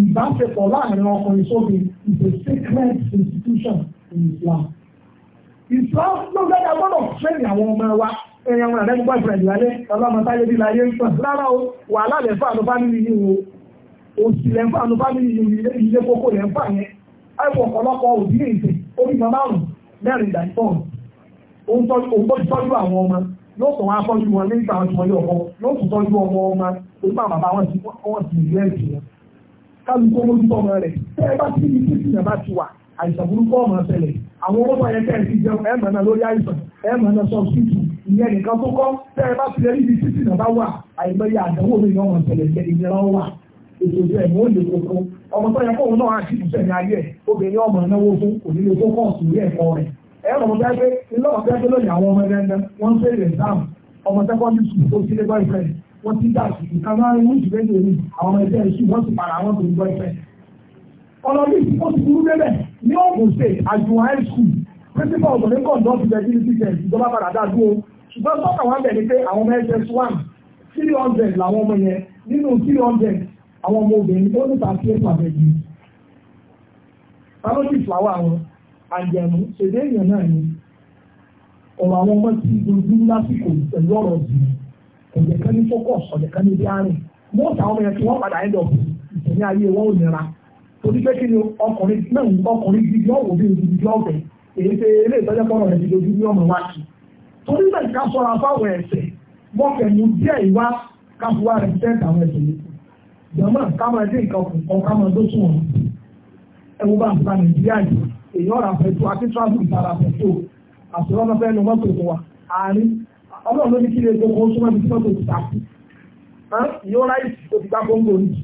ìbáṣepọ̀ láàrin ọkùnrin sóbì is a sacred institution Islam. Islam ló fẹ́ ká gbọ́dọ̀ fẹ́ẹ̀nì àwọn ọmọ wa ẹ̀yìn àwọn àrẹ́ gbọ́ ìfẹ̀lẹ̀ lálẹ́ ọlọ́mọtáyé bí láyé ń sàn rárá o wàhálà lẹ́fà ló bá nílùú yìí wo òsì lẹ́fà ló bá nílùú yìí ilé kókó lẹ́fà yẹn ẹ̀fọ̀ ọ̀pọ̀lọpọ̀ òbí ní ìsìn orí mọ márùn mẹ́rin ìdàgbọ́n òun tọ́jú àwọn ọmọ yóò tún wá tọ́jú wọn ní ìgbà ọjọ́ ọjọ́ ọmọ yóò tún tọ́jú ọmọ ọmọ orí bá bàbá wọn ti wọ́n ti ìlú ẹ̀jẹ̀ kálukú ọmọ ojúbọ ọmọ rẹ̀ tẹ́ ẹ bá ti ní títí yẹn ti wà àìsàn burúkú ọmọ ṣẹlẹ̀ àwọn owó báyẹ kẹ́ ẹ̀ ti jẹun ẹ̀ mọ̀nà lórí àìsàn ẹ̀ mọ̀nà sọ́ọ̀sìtì ìyẹn nìkan tó kọ́ tẹ́ ẹ bá ti lẹ́yìn ibi títì náà bá wà àìmọye àdánwò mi náà wọ̀n ṣẹlẹ̀ jẹ ìnira wà ètò ìjọ ẹ̀mọ́ òye koko ọmọ tó yẹ kóun náà àti ìbùsẹ̀ ní ayé obìnrin ọmọ náwó fún òdílé tó kọ́ ọ̀sùn ilé ẹ̀kọ́ rẹ̀ ẹ̀rọ ọmọ tẹ́gbẹ́ ilé ọmọ ọlọ́bí ó ti burú débẹ̀ ní high school principal ọ̀gbọ̀n ní kọ̀ǹdọ́ ti bẹ̀rẹ̀ ní ìjọba padà ṣùgbọ́n sọ́kà wọn bẹ̀rẹ̀ pé àwọn ọmọ one three hundred làwọn ọmọ yẹn nínú three hundred àwọn ọmọ obìnrin ó ní ètò àbẹ̀jì ṣèdè èèyàn náà ni ọ̀rọ̀ àwọn ọmọ ti dojú lásìkò pẹ̀lú ọ̀rọ̀ torí pé kí ni ọkùnrin náà ọkùnrin gidi ọ̀wọ̀ bí gidi ọ̀bẹ èyí pé ilé ìtọ́jú pọ̀nà rẹ̀ ti dojú ní ọmọ wa kì torí bẹ́ẹ̀ ká sọ̀rọ̀ fáwọn ẹ̀sẹ̀ wọ́n kẹ̀yìn díẹ̀ ìwá káfíwá rẹ̀ tẹ́ àwọn ẹ̀sẹ̀ yìí jọmọ káwọn ẹdín nǹkan kọ̀ káwọn tó sùn wọn ẹwọ bá ń ta Nàìjíríà yìí èyí ọ̀rọ̀ àfẹ́tò àti travel ìtara àfẹ́tò àṣọwọ́n náà fẹ́ẹ́ lọ mọ́tò tó wa àárín ọlọ́run ló ní kí lè gbogbo oṣù mọ́tò tó ti ta yóò ráìsì tó ti gbá gbóngbò nìyí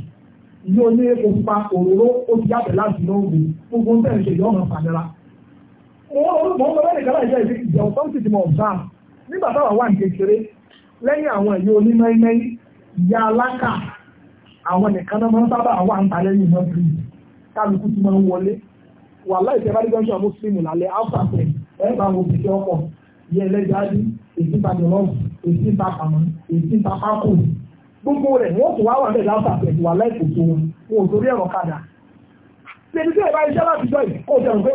ìyá oní òpa òróró ó ti yàtọ̀ láti lọ òwe gbogbo ń bẹ̀rẹ̀ ṣe ìyá ọ̀nà fàdúrà. mo mọ ọmọ bẹ́ẹ̀ nìkan láì jẹ́ ìdí ìjọ sọ́ọ̀tì tí mo ọ̀bá nígbà táwa wà ní kékeré lẹ́yìn àwọn ìyá oní mẹ́ẹ́mẹ́ẹ́ ìyá alákà àwọn nìkan náà máa ń sábà wà ń ta lẹ́yìn iná bíi kálukú ti máa ń wọlé wà láì tẹ́ bá dé gọ́ńṣọ́ mùsùlùmí lálẹ́ áfà pẹ̀ ẹ̀ bá wo bìkẹ́ ọkọ̀ ìyá ẹlẹ́jà á dín èsì ń ta jọlọ́ọ̀fù èsì ń ta pàmò èsì ń ta pákó gbogbo rẹ̀ wọ́n tún wá wà bẹ́ẹ̀ láwùsà pẹ̀lú wà láìpò tó wọn wọn ò ẹ̀rọ kadà lẹ́ni tí ìbá iṣẹ́ láti jọ yìí jẹun pé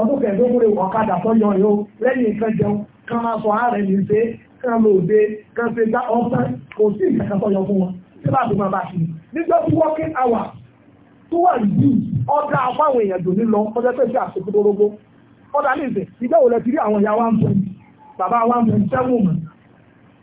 ọdún kẹẹ̀ẹ́dógún lè wọ̀ kadà tó yan yóò lẹ́yìn ìfẹ́ jẹun kan máa sọ ààrẹ ní ṣe kan lò dé kan ṣe dá ọ̀sán kò sí ìkẹ́kẹ́ tó yan fún wọn tí bá tó máa bá ṣe nígbà tí working hour tó wà yìí ọ̀dà àfáwọn èèyàn dò ní lọ ọjọ́ pé sí àṣekúdórógó ọ̀dà ní ìsìn ìgbà wo àwọn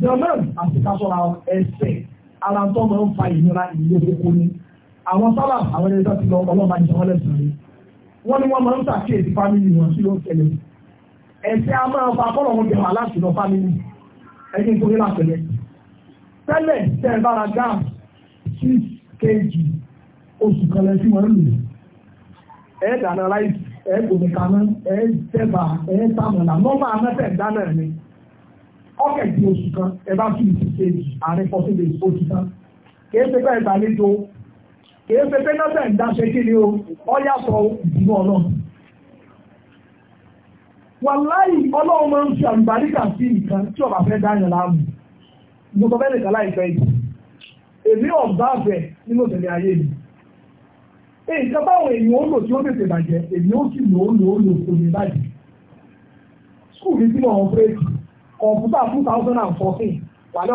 german àti kásọ̀rọ̀ ẹsẹ̀ ara tó máa ń fa ìnira ìlú kókó ni àwọn sábà àwọn ẹni tó ti lọ ọlọ́ba ní sọ́wọ́n lẹ́sìn rí wọ́n ní wọ́n máa ń ṣàkíyèsí fámìlì wọn sí ló ń tẹ̀lé ẹsẹ̀ a máa fa kọ́lọ̀ wọn bẹ̀rẹ̀ aláṣẹ lọ fámìlì ẹni tó ní lápẹ̀lẹ̀ tẹ́lẹ̀ tẹ́ ẹ bára gáàsì six kg oṣù kan lẹ sí wọn lò ẹ dáná láì ẹ gòmìkaná ẹ tẹ́bà ẹ tàmọ̀là nọ́mbà amẹ́tẹ̀ dáná ẹ̀ ni ọkẹ̀ di oṣù kan ẹ bá tún ìsìn kejì ààrẹ fourteen days oṣù kan kìí ṣe bẹ́ẹ̀ gbàlejò kìí ṣe pé nọ́ọ̀sẹ̀ ń dáṣẹ́ kí ni o ọ yàtọ̀ ìdùnnú ọlọ́run. wàláì ọlọ́run máa ń fi àlùbáríkà sí nǹkan tí ọba fẹ́ dáyàn láàmú mo sọ bẹ́ẹ̀ nìkan láìpẹ́ yìí èmi ọ̀gbá àbẹ̀ nínú òtẹ̀lẹ̀ ayé mi nǹkan báwọn èèyàn ó lò tí ó tètè bàjẹ́ èmi ó sì lò ó lò ó lò kò ní bàjẹ́ skul mi tí mo hàn fún èkì Kọmputa 2014 thousand and fourteen wà mi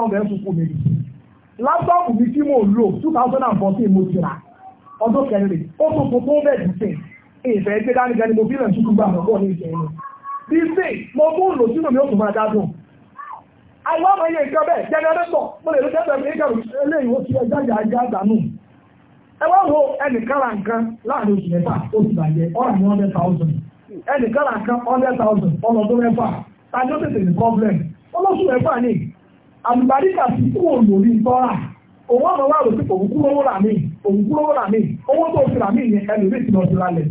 láptọ́ọ̀pù mi tí mò lò and mo ti rà ọdún kẹrin ó tún fún fún bẹ́ẹ̀ dìtẹ̀ ìfẹ́ gbé dání gan mo fi tuntun gbà lọ́gbọ̀n ní ìfẹ́ yẹn mo lò sínú mi ó tún máa dádùn àwọn ọmọ yẹn nǹkan bẹ́ẹ̀ jẹnẹrétọ̀ mo lè mi eléyìí ó ti ẹja ẹ wá tájọ́ tètè ní problem ọlọ́sùn ẹ̀fà ni àlùbáríkà ti kú òun lórí tọ́ra òun àwọn wà lòsí òun kúrò wọ́n rà mí òun kúrò wọ́n rà mí owó tó fi rà mí yẹn ẹlòmíì ti lọ sí lálẹ́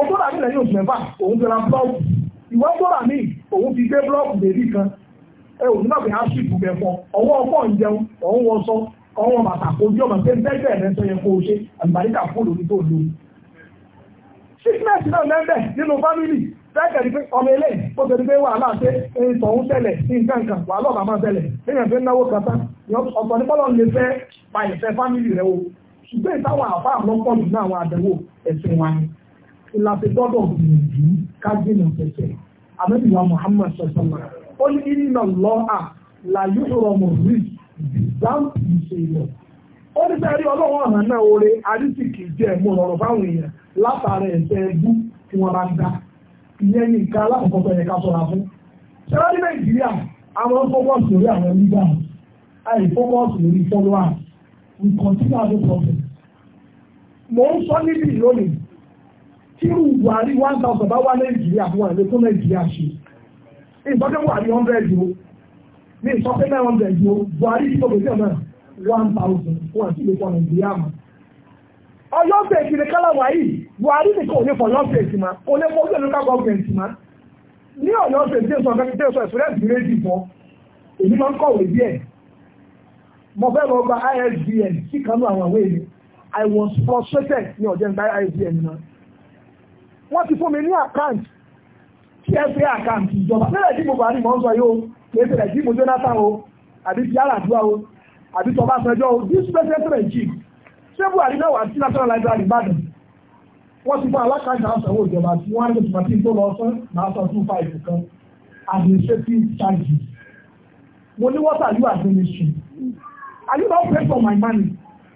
ọtọ́ rà mí lẹ́yìn oṣù mẹ́fà òun fi ra blọọkù ìwọ́n tó rà mí òun fi gbé blọọkù bèbí kan ẹ ò ní bàbá yàtú ìbù bẹ fọ ọwọ́ ọkọ̀ ń jẹun ọ̀hún wọ sọ ọ̀hún bàtà kò jọmọ pé bẹ́ẹ̀ rẹ sọ yẹn kó o ṣe àlùbáríkà fún òun tó lò sickness náà lẹ́bẹ̀ nínú family tẹ́kẹ̀rí pé ọmọ ilé ó pé wà láàṣẹ tẹ́lẹ̀ nǹkan kan wà lọ́ọ̀bà máa tẹ́lẹ̀ náwó kata ọ̀pọ̀ ní kọ́lọ̀ lè fẹ́ pa ìfẹ́ fámìlì rẹ o ṣùgbọ́n ìtawọ̀ àbá àlọ́pọ̀ jù náà àwọn àdánwò ẹ̀sìn wa ni ìlàsì gbọ́dọ̀ gbìyànjú kájínà Muhammad ó ní lọ ìyẹn ní ìka alákọ̀ọ́kọ́ tó yẹ fún. ṣẹlẹ̀ ní nàìjíríà àwọn fọ́kọ̀sì lórí àwọn nígbà àì fọ́kọ̀sì lórí followers we continue having problems. mo ń sọ níbi lónìí tírú buhari one thousand bá wá nàìjíríà fún wa lẹ́kọ́ nàìjíríà ṣe ìsọfẹ́ buhari hundred o ní ìsọfẹ́ nine hundred o buhari tí mo gbèsè náà one thousand fún àti lẹ́kọ́ nàìjíríà mọ́ ọyọ́ fèsì ní kálàwà yìí buhari nìkan ò ní fọyọ́ fèsì ma kò ní fọ́ sílẹ̀ lókà gọ́ọ̀mẹ̀ntì ma ní ọ̀yọ́ fèsì sọ fẹ́ sọ ìfúrẹ́sì méjì bọ́ èyí máa ń kọ̀wé díẹ̀ mo fẹ́ lọ gba ISBN sí kanú àwọn àwọn èyí I was frustrated ní ọ̀jẹ̀ ISBN ma wọ́n ti fún mi ní account TFA account ìjọba fẹ́rẹ̀ tí mo bá ní mọ̀ ń sọ yóò kì í fẹ́rẹ̀ tí mo Jonathan o àbí ti Yar'Adua o àbí tọ́ba sanjọ́ o this ṣé buhari náà wà sí national library ìbàdàn wọ́n ti fún alákàtà àsanwó ìjọba tí wọ́n á ní tòmátì tó lọ sán máa sọ two five kan administrative charges mo ní what are you administering are you not pay for my money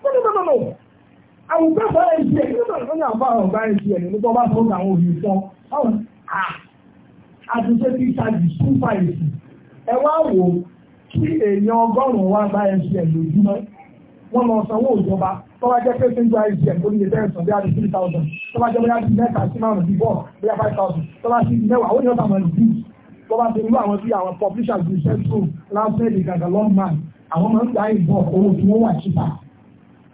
no no no no no I will pay for NCA you know no no àbá ọ̀gá NCA ní tó bá sọ́kà àwọn òbí fún ọ ah administrative charges two five ẹ wá wò kí èèyàn ọgọ́rùn-ún wá bá NCA lójúmọ́ wọ́n lọ sanwó ìjọba tó bá jẹ́ pé single IGM ó ní ilé bẹ́ẹ̀ sàn bí I three thousand tó bá jẹ́ bóyá bíi mẹ́ta sí márùn-ún bíi bọ́ọ̀ bóyá five thousand tó bá sí mẹ́wàá ó ní ọ̀tá mọ̀ lùdí tó bá ti rú àwọn bíi àwọn publishers bíi central lansed gàgà longman àwọn máa ń gba ìbọ̀ owó tí wọ́n wà síta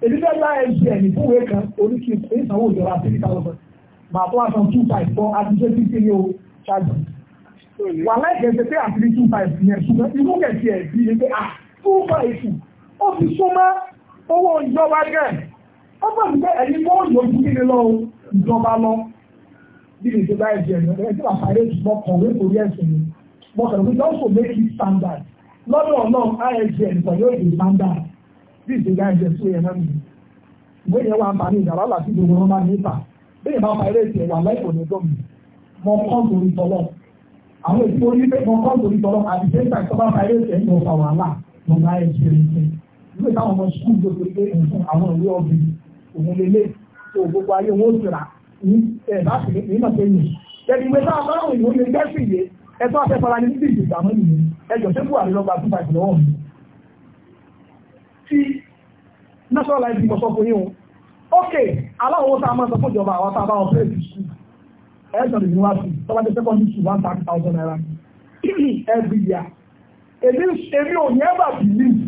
èdè bẹ́ẹ̀ bá IGM ìfúnwé kan oríkì ìsanwó ìjọba three thousand màá tó wá two five four àti twenty three o charge wà láìpẹ́ ṣe pé àti two five yẹn ṣùgbọ́n inú kẹ̀kẹ́ ẹ̀ bí ẹgbẹ́ ah two five ó fi súnmọ́ owó ìjọba gẹ̀ ó bọ̀ sí pé ẹ̀yin mọ́ òyò ojú kí ni lọ ìjọba lọ bí lè ṣe bá ẹ̀jẹ̀ ẹ̀jẹ̀ ẹ̀jẹ̀ bàbá rẹ̀ ti mọ kọ̀wé torí ẹ̀sìn ni mo kàn pé just to make it standard lọ́dọ̀ ọlọ́run ISGN pẹ̀lú èdè standard bí lè ṣe bá ẹ̀jẹ̀ sí ẹ̀rọ mi ìwé yẹn wà ń parí ìdàrọ́ àti gbogbo wọn máa nípa bí lè bá ọmọ eré ìṣẹ̀ wà láìpò ní gómìn mọ kọ́ torí tọ́lọ́ àwọn èsì onífẹ́ mọ kọ́ torí tọ́lọ́ àti sẹ́ńtà ìtọ́ba ọmọ eré ìṣẹ̀ ń lọ fà wàhálà mọ̀ bá ẹ̀jẹ̀ nígbà táwọn ọmọ sukùl gbogbo pé nǹkan àwọn ìwé ọ̀gbìn òun lélẹ̀ tó gbogbo ayé wọn ó tura ní ẹ̀ bá ní ìmọ̀ pé yìí ẹni ìwé táwọn ọmọ ìwé yẹn gẹ́ sì ẹ tó afẹ́ fara ní bíbí ìgbà mọ́ nìyẹn ẹ jọ sẹ́kù àrílọ́gba tó bá ìlọ́wọ́ mi. ti national life mo sọ fún yín o ok aláwọ̀ tá a máa sọ fún ìjọba àwọn tá a bá wọn pé èsì sùn ẹ̀ sọ̀rọ̀ yunifásitì tọ́ba dé èmi ò ní ẹ̀ bá believe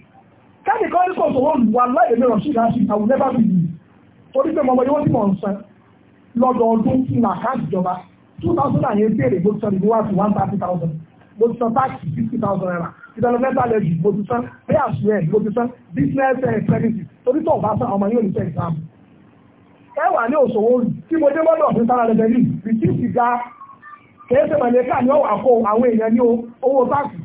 káàdì kan ní sọ̀tọ̀ wọn wà láyé mi rọ̀ṣì láti àwọn never be me torí pé mọ̀mọ́ yóò ti mọ̀ ń san lọ́dọọdún kí n àkáǹtì two thousand and eight èrè mo ti one thirty thousand mo ti thousand naira developmental levy mo ti san pay as you earn mo ti credit torí tó o bá san ọmọ yóò ní sẹ́ exam ẹ wà ní òṣòwò tí mo dé mọ́dọ̀ ọ̀sìn sára lẹ́bẹ̀ẹ́lì rìsíìtì ga kèéfé mọ̀lẹ́ká ni ó wà kó àwọn èèyàn ní owó táàkì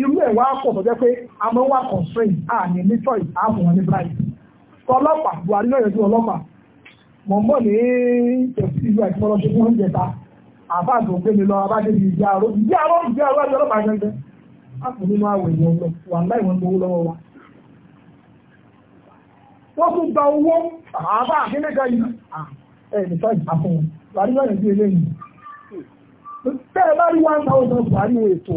irú ẹ̀ wá pọ̀ tó jẹ́ pé a máa ń wá constraint a ní ní choice a fún wọn ní bright ọlọ́pàá Buhari náà yẹjú ọlọ́pàá mọ̀ mọ́ ní tẹ̀sí ìlú àti ọlọ́ṣẹ́ fún oúnjẹ ta àbáàdùn ògbé mi lọ abájẹ́ ní ìjà arọ́ ìjà arọ́ ìjà arọ́ àti ọlọ́pàá gẹ́gẹ́ a kò nínú àwẹ̀ ìwọ̀n lọ wà láì wọn gbowó lọ́wọ́ wa. wọ́n tún gba owó àbá àkínníkà yìí ẹ̀ nìkan ìjà fún Buhari náà yẹjú eléyìí. bẹ́ẹ̀ bá rí one thousand Buhari wo ètò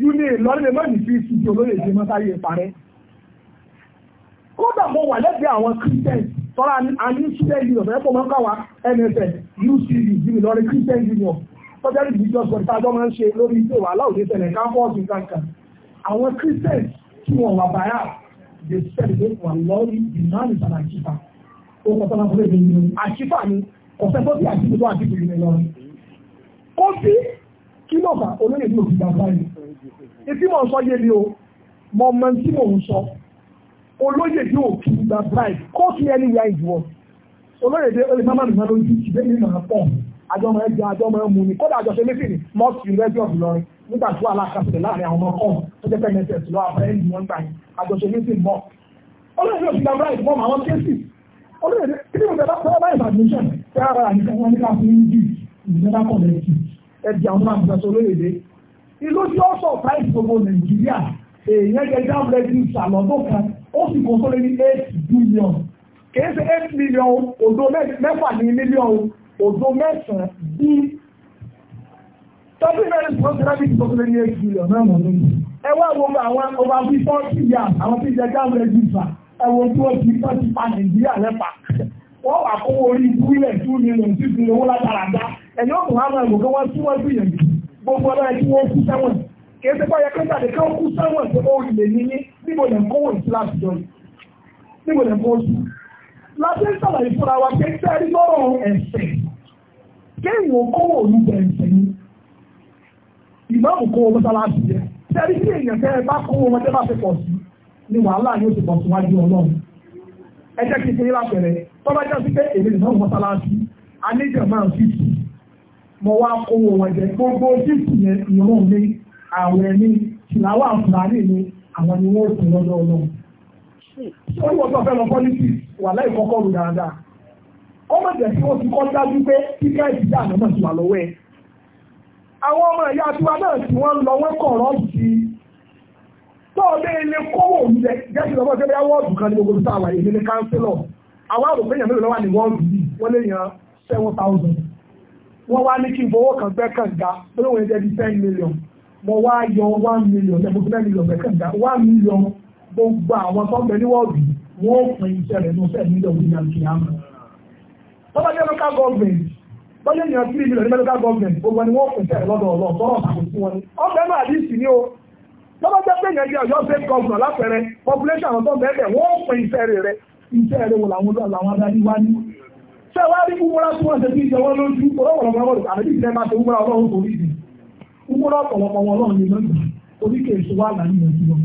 yúlé lọ́rẹ́ mọ́nì fi ìsìnkú olóyè ṣe mọ́ sáyé parẹ́ kódà mo wà lẹ́gbẹ̀ẹ́ àwọn christian tọ́ra àní student union fẹ́ fọmọ́ káwa nfs ucd jimmy lọ́rẹ́ christian union tọ́jọ́rì religious body tá a jọ máa ń ṣe lórí ilé wa aláwòdé tẹ̀lé campus nǹkan àwọn christian tí wọ́n wà báyà they celebrate wà lọ́rí the man is an achipa ó kọ́ sọ́nà fúnlẹ̀ mi achipa ni ọ̀sẹ̀ tó ti àti ìlú àti ìlú mi lọ́rí. ó bí kí ló fà olóyè ní òfin bàbá yìí etí mò ń sọ yé mi o mọ ọmọ tí mò ń sọ olóyè ní òfin bàbá yìí court me anywhere in the world olóyè dé olè sábà nìkan ló ń ti ṣìdé mi máa pọ̀ àjọ máa jẹ àjọ máa mú ni kódà àjọṣe méjì ni mosque university of Ilorin nígbà tí wàhálà kásìlẹ̀ láàrin àwọn ọkọ̀ tó jẹ́ pẹ́ẹ́n ẹ̀sẹ̀ lọ́wọ́ abẹ́rẹ́ ìlú wọn gbà yìí àjọṣe méjì mọ́ olóyè ní òfin bàbá yìí mọ́ àwọn kéésì olóyè dé kí ni mo bẹ̀rẹ̀ bá bá ìbàdàn ẹbí àwọn àgbàsọ lóyèdè ìlú tí ó sọ price gbogbo nàìjíríà èèyàn gẹ́gẹ́ àbúrẹ́dì ìsàlọ́dún kan ó sì kó tó ní eight billion kìí ṣe eight million òdo mẹ́fà ní mílíọ̀n òdo mẹ́sàn-án bí tọ́jú mẹ́rin tó ti rẹ́bí tó lé ní eight billion náà mọ̀ lónìí ẹ wá gbogbo àwọn ọba bí fọ́ọ̀tì yà àwọn tí ìjẹjẹ àbúrẹ́dì ìsà ẹ̀wọ̀n tí wọ́n ti tọ́jú pa nàìjíríà lẹ́pàá wọ́n wà kó orí ibú ilẹ̀ two million six million owó látara dá ẹ̀yìn ọ̀tún hàn án lòkè wọ́n tún wọ́n gbìyànjú gbogbo ọ̀dọ́ ẹ̀ tí wọ́n kú sẹ́wọ̀n kìí ṣe báyọ̀ kí jáde kán kú sẹ́wọ̀n tó ó lè ní ní níbo lè kówó ìsìláàsì jọ níbo lè kówó sí. láti ń sàlàyé fúnra wa pé sẹ́ẹ̀rí lọ́rọ̀ ẹ̀sẹ̀ kéèyàn kówó olùbẹ̀ ẹ̀sẹ̀ ni ìmáàmù kówó mọ́sálásì jẹ sẹ́ẹ̀rí tí èèyàn tẹ́ ẹ bá kówó wọn tẹ́ bá fi pọ̀ sí ni wàhálà ni ó ti pọ̀ síwájú ọlọ́run ẹ tọ́ba jẹ́ sí pé èmi lè náà mọ́sálásí aníjẹ̀ máa fífi mo wá owó wọn jẹ gbogbo fífi yẹn ìrún mi àwẹ̀ mi tìláwà fúlàní mi àwọn ni wọ́n kù lọ́dọ̀ ọlọ́run. ó ní wọ́n tó fẹ́ lọ pọ́lítì wà láì kọ́kọ́ rù dáadáa. ó mọ̀ jẹ́ kí wọ́n ti kọ́ dájú pé kíkà ìdíjà àná náà ti wà lọ́wọ́ ẹ̀. àwọn ọmọ ìyá àtiwá náà tí wọ́n lọ wọ́n kọ̀ọ̀rọ̀ sí i. tó o lé ilé kówó òun jẹ́ jẹ́ àwọn àrùn mẹ́yàn mẹ́rin lọ́wọ́ ni wọ́n rù yìí wọ́n lè yan seven thousand wọ́n wá ní kí n fowó kan gbẹ́ kànga pé òun jẹ́ di ten million mo wá yọ one million lẹ́gbẹ̀ẹ́ ten million gbẹ́ kànga one million gbogbo àwọn tó ń bẹ ní wọ́ọ̀dù wọ́n pín iṣẹ́ rẹ̀ ní ten million ní àti àmà. tọ́lá jẹ́ local government bọ́lá ènìyàn three million ní local government gbogbo ni wọ́n pín iṣẹ́ rẹ̀ lọ́dọ̀ ọ̀lọ́ tọ́lọ̀ tàbí fún wọn. ọbẹ̀ náà àdí sí ni o tọ́lá jẹ́ pé yẹn jẹ́ ọ̀yọ́ state governor lápẹẹrẹ population àwọn iṣẹ́ rẹ̀ wò làwọn làwọn adarí wá ní. ṣé wàá rí umura tí wọ́n ṣe fi ìjọwọ́ lójú ọlọ́pọ̀lọpọ̀ àbí ìṣẹ́ máa ṣe umura ọlọ́run torí ìdí umura ọ̀pọ̀lọpọ̀ wọn ọlọ́run ní lọ́jọ́ torí kèésì wà láyé yẹn sí lọ.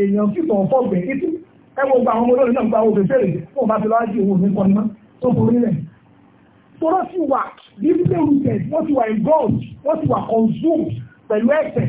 èèyàn sì tọ̀ fọ́gbẹ̀ kí ẹ wo gba àwọn ọmọ olórin náà gba òfin fèrè fún ọba tí lọ́wọ́ di owó mi kọ́ ní tó forí rẹ̀. tọ́lọ́ ti wà bíbí pé rúkẹ̀ wọ́n ti wà engulfed wọ́n ti wà consumed pẹ̀lú ẹ̀sẹ̀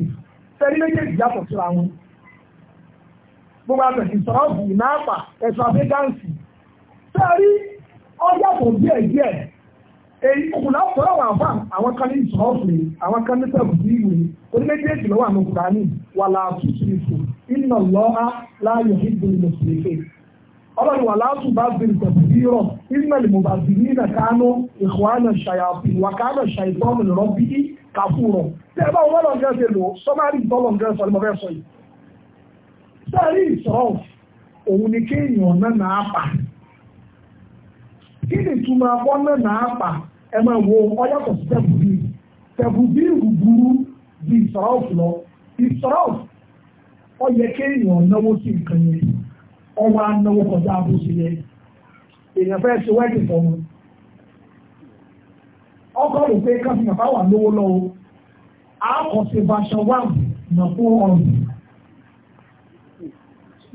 sẹ́ni méjèèjì yàtọ̀ síra wọn gbogbo àtẹ̀sí sọ́ọ̀bù ìnáàpà ẹ̀sùn àfẹ́gáǹsì sẹ́rí ọjọ́pọ̀ díẹ̀ díẹ̀ èyí kùnà fọ́rọ̀ wà fà àwọn kan ní sọ́ọ̀bù ni àwọn kan ní sẹ́ọ̀bù sí ìwé orí méjèèjì lọ́wọ́ àmì kùránì wà láàtú sírífù iná lọ́ha láàyò ìgbìmọ̀ lọ́sẹ̀ẹ́fẹ́ ọlọ́run wà láàtú bá bìrì tẹ̀sí rírọ̀ ìmẹ̀lì mo bá bìrì nà kánú ìkùnà ṣàyàpì wà N'ebe ẹ bá wọn lọ gẹ́gẹ́ lò sọ́márì ìtọ́lọ̀ gẹ́gẹ́ sọ ni yìí òun ni kéèyàn náà nà pa kí ni túmọ̀ abọ́ náà pa ẹ máa wo tẹ̀bù bíi tẹ̀bù bíi rúburú di ọ yẹ náwó sí nǹkan yẹn kọjá èèyàn fẹ́ ṣe wẹ́ẹ̀kì ọkọ̀ pé out of version one nàkó ọ̀rùn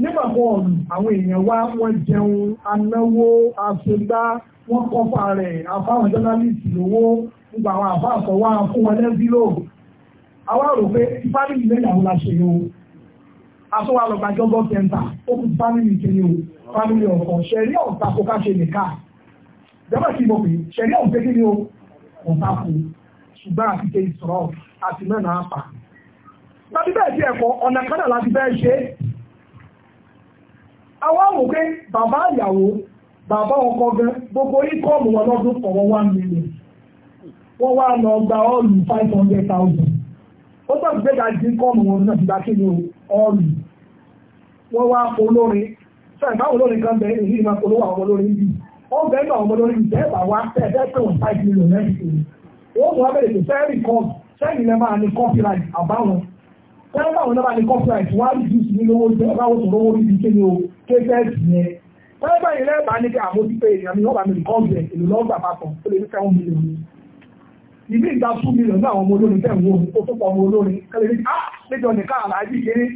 nígbàkó ọ̀rùn àwọn èèyàn wa wọ́n jẹun anáwó aṣègbà wọ́n kọ́fà rẹ̀ afáwọn jọ́nálìsì lówó gbogbo àwọn àbá àkọ́wá fún wọn lẹ́bí lò àwọn àrò pé fámìlì mẹ́rin àwọn láṣẹ yìí o àtúwà lọ́gbà jọ́gọ́ tẹ́ntà ó kú fámìlì kìíní o fámìlì ọ̀kan ṣẹ̀rí ọ̀ta kó ká ṣe nìka jọ́bọ̀ sí mo pè ṣẹ̀rí ọ̀tẹ́ kìíní o ọ̀ta kù ṣùgbọ́n àti ṣe ìsọ̀rọ̀ àti mẹ́nà Na tàbí bẹ́ẹ̀ sí ẹ̀kọ́ ọ̀nà kan láti bẹ́ẹ̀ ṣe àwọn àwòké bàbá ìyàwó bàbá ọkọ̀ gan gbogbo ikọ́ọ̀mù wọn lọ́dún one million wọ́n wá lọ gba ọ́ọ̀lù five hundred thousand ó tọ́ sí gbéga dín kọ́ọ̀mù wọn náà ti gba ọ́ọ̀lù wọ́n wá kan bẹ èyí máa polówó àwọn olórin ó bẹ́ẹ̀ àwọn olórin bẹ́ẹ̀ bá wá wọ́n mú abẹ́rẹ́ tó fẹ́ẹ́ rí kọ́ọ̀tù sẹ́yìn lẹ́ máa ní copyright àbáwọn sẹ́yìn báwọn náà máa ní copyright wọ́n á rí jùsù ní lówó tẹ́ báwọn tó lówó níbi kéde o kéfẹ́ẹ̀sì yẹn sẹ́yìn báyìí lẹ́ẹ̀ bá ní kí àmójútó èèyàn mi wọ́n bá mi rí kọ́ọ̀tù ẹ̀ èlò lọ́gbà papọ̀ ó lè ní sẹ́wọ́n mílíọ̀n ní. ìbí ìgbà two million náà àwọn ọmọ olórin fẹ́ wo ó tó pọ̀ ọmọ olórin kẹlẹ́ ní ah níjọ ní káàlà ájì kéré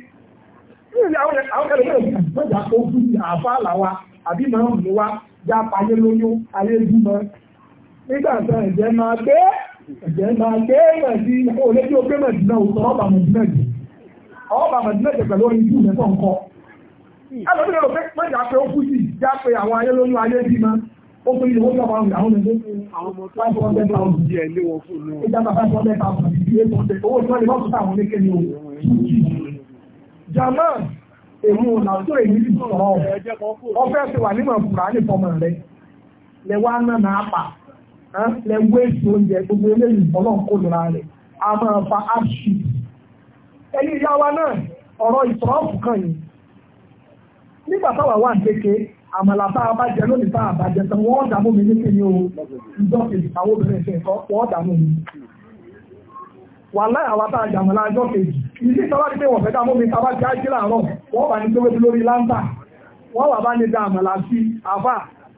àwọn kẹlẹ́ ní ìgbà tó Ìjẹ́ máa gbé mẹ̀dí olójú ó gbé mẹ̀dí náà sọ ọ́bà mẹ̀dí náà jù. Ọ́bà mẹ̀dí náà jù pẹ̀lú orin jù mẹ́fọ̀ nǹkan. Ẹlòmí lọ pé pé ìjà pé ó kú sí ìjà pé àwọn ayé lóyún ayé bí ma. Ó pé ìlú ọjọ́ àwọn ìyàwó lẹ́gbẹ́. Àwọn ọmọ tó ń bọ́ ọdẹ ta ọ̀hún. Ìjà bàbá tó ọdẹ ta ọ̀hún. Owó tí wọ́n lè mọ́tò táwọn oníkẹ́ ni o. Jàmá èmu làtó èyí ti sọ̀rọ̀ ọ̀fẹ́ ti wà nímọ̀ fúra ní fọmọ rẹ̀. Lẹ́wọ́n náà náà pa lẹ wéèsì oúnjẹ gbogbo eléyìí ọlọ́run kò lóra rẹ̀ a máa fa áṣì. ẹni ìyá wa náà ọ̀rọ̀ ìtọ́ọ̀fù kan yìí nígbà táwa wà kéke àmàlà tá a bá jẹ lónìí tá a bá jẹ tán wọ́n dààmú mi nípe ní o ìjọ kejì àwọn obìnrin ìfẹ́ kọ́ wọ́n dààmú mi. wàláì àwa tá a jàmọ̀ lájọ́ kejì ilé ìtọ́wá ti pé wọ́n fẹ́ dààmú mi tá a bá jẹ́ ájí láàárọ̀ wọ́n wà ní pé wọ́n ti lórí láńtà wọ́n wà bá ní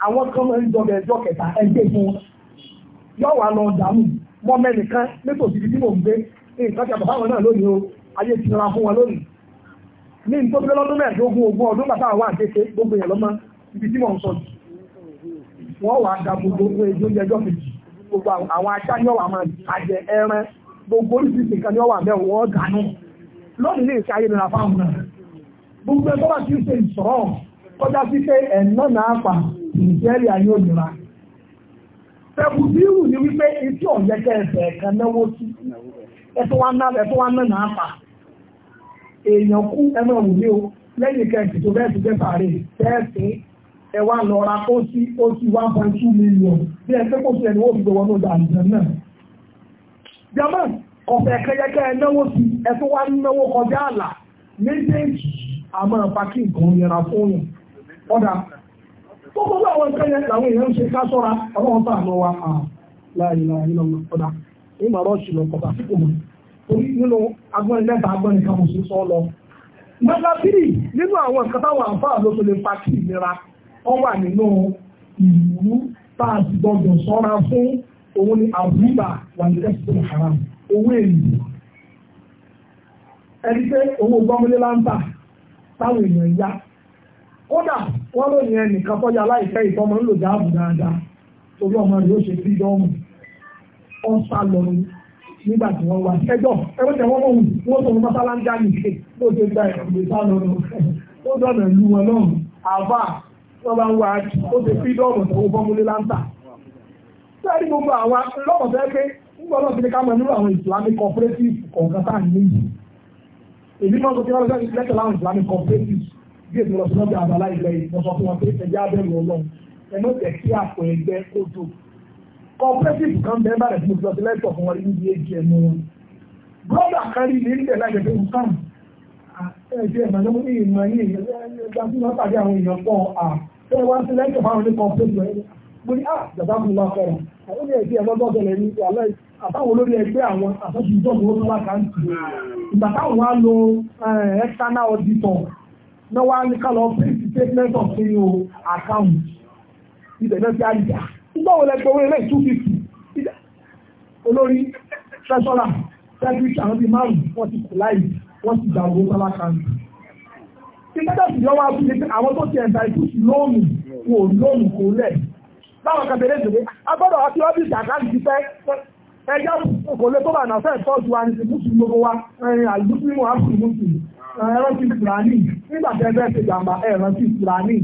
àwọn kan máa ń jọba ẹjọ́ kẹta ẹgbẹ́ fún wọn yọ wà lọ dààmú mọ mẹ́nìkan nítòsí ibi tí mò ń gbé nǹkan tí a bàbá wọn náà lónìí o ayé ti nira fún wọn lónìí ní nítorí lọ́dún mẹ́ẹ̀ẹ́dógún ogún ọdún bàbá àwọn àkékè gbogbo yẹn lọ́mọ ibi tí mò ń sọ jù wọ́n wà da gbogbo owó ẹjọ́ ẹjọ́ kejì gbogbo àwọn ajá ní ọ̀wà máa àjẹ ẹran gbogbo oríṣiríṣi nǹkan ní ọ̀wà bẹ́ẹ̀ wọ́n dànù lónìí ní ìṣe ayé nira fáwọn náà gbogbo ẹgbẹ́ bá ti ń ṣe ìṣòro kọjá sí pé ẹ̀ná náà pa Nàìjíríà yóò nira. Tẹ̀kùsíìrù ni wípé etí ọ̀yẹ́ kẹfẹ́ ẹ̀kan náwó sí. Ẹ̀tọ́ wa náà ẹ̀tọ́ wa náà náà pa. Èèyàn kú ẹnu ọ̀hún ní o lẹ́yìn kẹfì tó bẹ́ẹ̀ ti jẹ́ sàárè tẹ́ẹ̀sì ẹ wá lọ ra ó sí ó sí one point two million bí ẹ pé kò sí ẹni wọ́n fi gbowó náà dànù náà. Jàmọ́ ọ̀fẹ́ kẹyẹkẹ náwó sí ẹ̀tọ́ wa náwó kọjá àlà méjèèjì àmọ́ pàkí nǹkan yẹra fóònù. Ọ̀dà gbogbo àwọn nǹkan yẹn làwọn èèyàn ń ṣe ká sọ́ra ọlọ́run bá àmọ́ wa láàyè láàyè lọ́nà ọ̀dà ní màá rọ́ọ̀ṣì lọ kọ̀ọ̀bà sí kò mọ̀ torí nínú agbọ́n mẹ́ta agbọ́n kan kò sí sọ́ lọ. nọ́mbà tírì nínú àwọn nǹkan táwọn àǹfààní ló tó lè fa kí ìlera ọ wà nínú ìlú tá a ti gbọdọ̀ sọ́ra fún òun ni àbúrúbà wà ní ẹ̀sìn haram owó èlò ẹni pé owó gbọ́mọlé láǹtà táwọn èèyàn yá kódà wọ́n lóyìn ẹnìkan tọ́jà láìpẹ́ ìtọ́mọ ń lò jáàbù dáadáa torí ọmọ rẹ̀ ó ṣe fídọ́ọ̀mù ọ̀n sá lọ nígbà tí ẹjọ́ ẹgbẹ́ tẹ̀ wọ́n mọ̀hún wọ́n tó ń mọ́sálá ń dání ṣe gba ìrọ̀lẹ́ sá lọ ó dọ̀nà wọn náà àbá wọn bá ń wá ó ṣe tó wọ́n bí èdè lọ sọ́jà àbálá ìgbẹ́ yìí mo sọ fún wọn pé ẹjẹ́ abẹ́rù ọlọ́run ẹ má jẹ́ kí àpò ẹgbẹ́ kó tó. cooperative kan bẹ́ẹ̀ bá rẹ̀ fún ìfúnlọ́sí lẹ́tọ̀ fún wọn níbi èjì ẹnu wọn. brọ́dà kan rí ní ìdílé láì jẹ́ nǹkan ẹ̀jẹ̀ ìmọ̀lẹ́mú ní ìmọ̀ ní pàdé àwọn èèyàn pọ̀ náà wá ní kálọ̀ print statement of sale account ibẹ̀ náà ti á yà nígbà wo lẹ́gbẹ̀ẹ́ owó ilé two fifty olórí tẹ́sọ́là tẹ́sítì àwọn bíi márùn-ún wọ́n ti kù láì wọ́n ti gbà owó sálá kan. ìgbẹ́jọ́ sì yọ wá fún mi pé àwọn tó ti ẹ̀dá ikú sí lóòmù wò lóòmù kò lẹ̀ báwọn kan bẹ̀rẹ̀ ìdòwé agbọ́dọ̀ wá sí ọ́fíìsì àkáǹtì ti pẹ́ ẹjọ́ kò lè tó bàánà fẹ́ẹ̀ tọ́jú wa ní ti mùsùlùmí gbogbo wa ẹ̀yìn àlùmùsùlùmí wa mùsùlùmí ẹ̀rọ ti fúlàní nígbà tẹ́ bẹ́ẹ̀ ṣe jàmbá ẹ̀rọ ti fúlàní.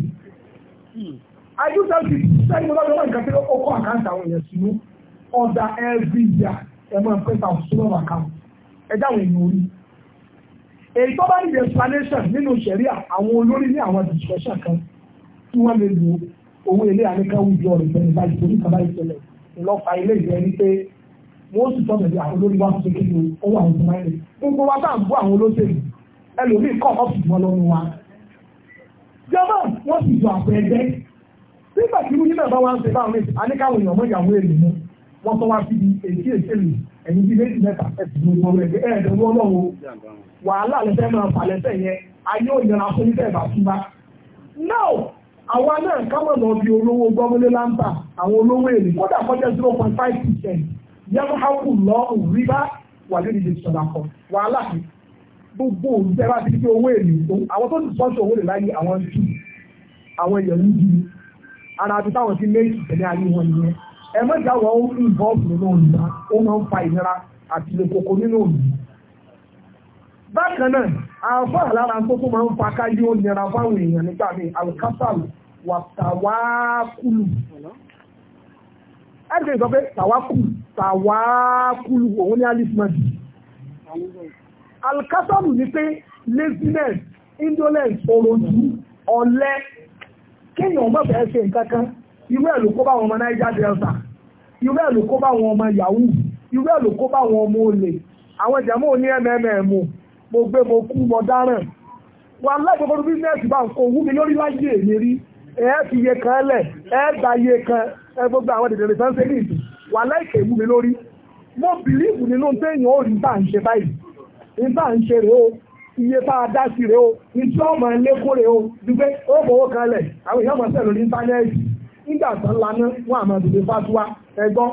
ayúdàbí hmm. sẹ́yìn mo lọ́dọ̀ nǹkan tí ó kọ́ àkáǹtì àwọn èèyàn sínú ọ̀dà every year ẹ̀ máa pẹ́ ta sínú àkáǹtì ẹ̀dá àwọn èèyàn orí. èyí tó bá ní explanation nínú sẹ̀ríà àwọn olórí ní àwọn discussion kan tí wọ́n lè lo owó ilé àníkàwé ìjọ rẹ̀ bẹ̀rẹ̀ báyìí torí kaba ìṣẹ̀lẹ̀ ìlọ́fà ilé ìjọ ẹni pé wọ́n sì tọ́ bẹ̀rẹ̀ àwọn olórí wa fi ṣe kí ni owó àwọn ọmọ ẹ̀rẹ̀ gbogbo wa bá ń bọ́ àwọn olóṣèlú ẹlòmíì kọ́ ọ̀pọ̀ ìwọ lọ́nu wa. jọba wọn sì jọ àpò ẹgbẹ́ nígbà tí wúni náà bá wá ń ṣe báwọn èsì àníkàwọn èèyàn mọ ìyàwó èlò mú wọn tó wá síbi èsì èsèlè ẹ̀yìn bíi méjì mẹ́ta ẹ̀sìn ló gbọ́ ẹgbẹ́ ẹ̀ẹ́dẹ̀wọ́ lọ́wọ́ wàhálà lẹ́sẹ̀ máa fà lẹ́sẹ̀ yẹn ayé òyìnbó afọ́nifẹ́ ìbàtúbá. now àwa náà kámọ̀ lọ bí olówó gbọ́mọlé láńtà àwọn olówó èlé kódà kọjá zero point five percent yẹ́n hákù lọ́ọ̀rù rìbá wà lórí ìdè sọ̀dà kan wàhálà yìí gbogbo òṣìṣẹ́ bá ti di owó èlé àwọn tó ti sọ́ọ̀ṣì owó lè láyé àwọn jù àwọn èèyàn ń di ara àti táwọn ti méjì tẹ̀lé ayé wọn nìyẹn ẹ mọ́jà wọn ó ń bọ́ nínú òyìnbá ó máa ń fa ìnira àti ilé koko nínú òyìnbá. bákan náà àfọ àlára tó tó máa ń fa káyé ó nira fáwọn èèyàn nígbà míì alukásàlù wà tàwákùlù ẹ̀ẹ́dẹ̀gbẹ́ sọ pé tàwákùlù tàwákùlù òun ní alif madi alkasamu ni pé laziness indolence òròjú ọ̀lẹ kéèyàn má fẹ́ ṣe nǹkan kan irú ẹ̀ ló kó bá wọn ọmọ Niger Delta irú ẹ̀ ló kó bá wọn ọmọ yahoo irú ẹ̀ ló kó bá wọn ọmọ olè àwọn ìjàmọ́ òní mmm mo gbé mo kú mo dáràn wà láìpọ̀pọ̀lú bísínẹ́sì bá ń kó owó mi lórí láyé èmi rí ẹ̀ fi iye kan lẹ̀ ẹ̀ gba iye kan ẹ̀ gbogbo àwọn dèdèrè sánsẹ́ ní ìdù wà láìkè mú mi lórí mo bìlíìfù nínú téèyàn ó rí bá ń ṣe báyìí ìbá ń ṣe rèé o iye bá a dá sí rèé o ọmọ o ó kan àwọn èèyàn mọ̀ lórí íńtánẹ́ẹ̀tì nígbà tán laná wọn àmọ́ dùgbẹ fatuwa ẹgbọ́n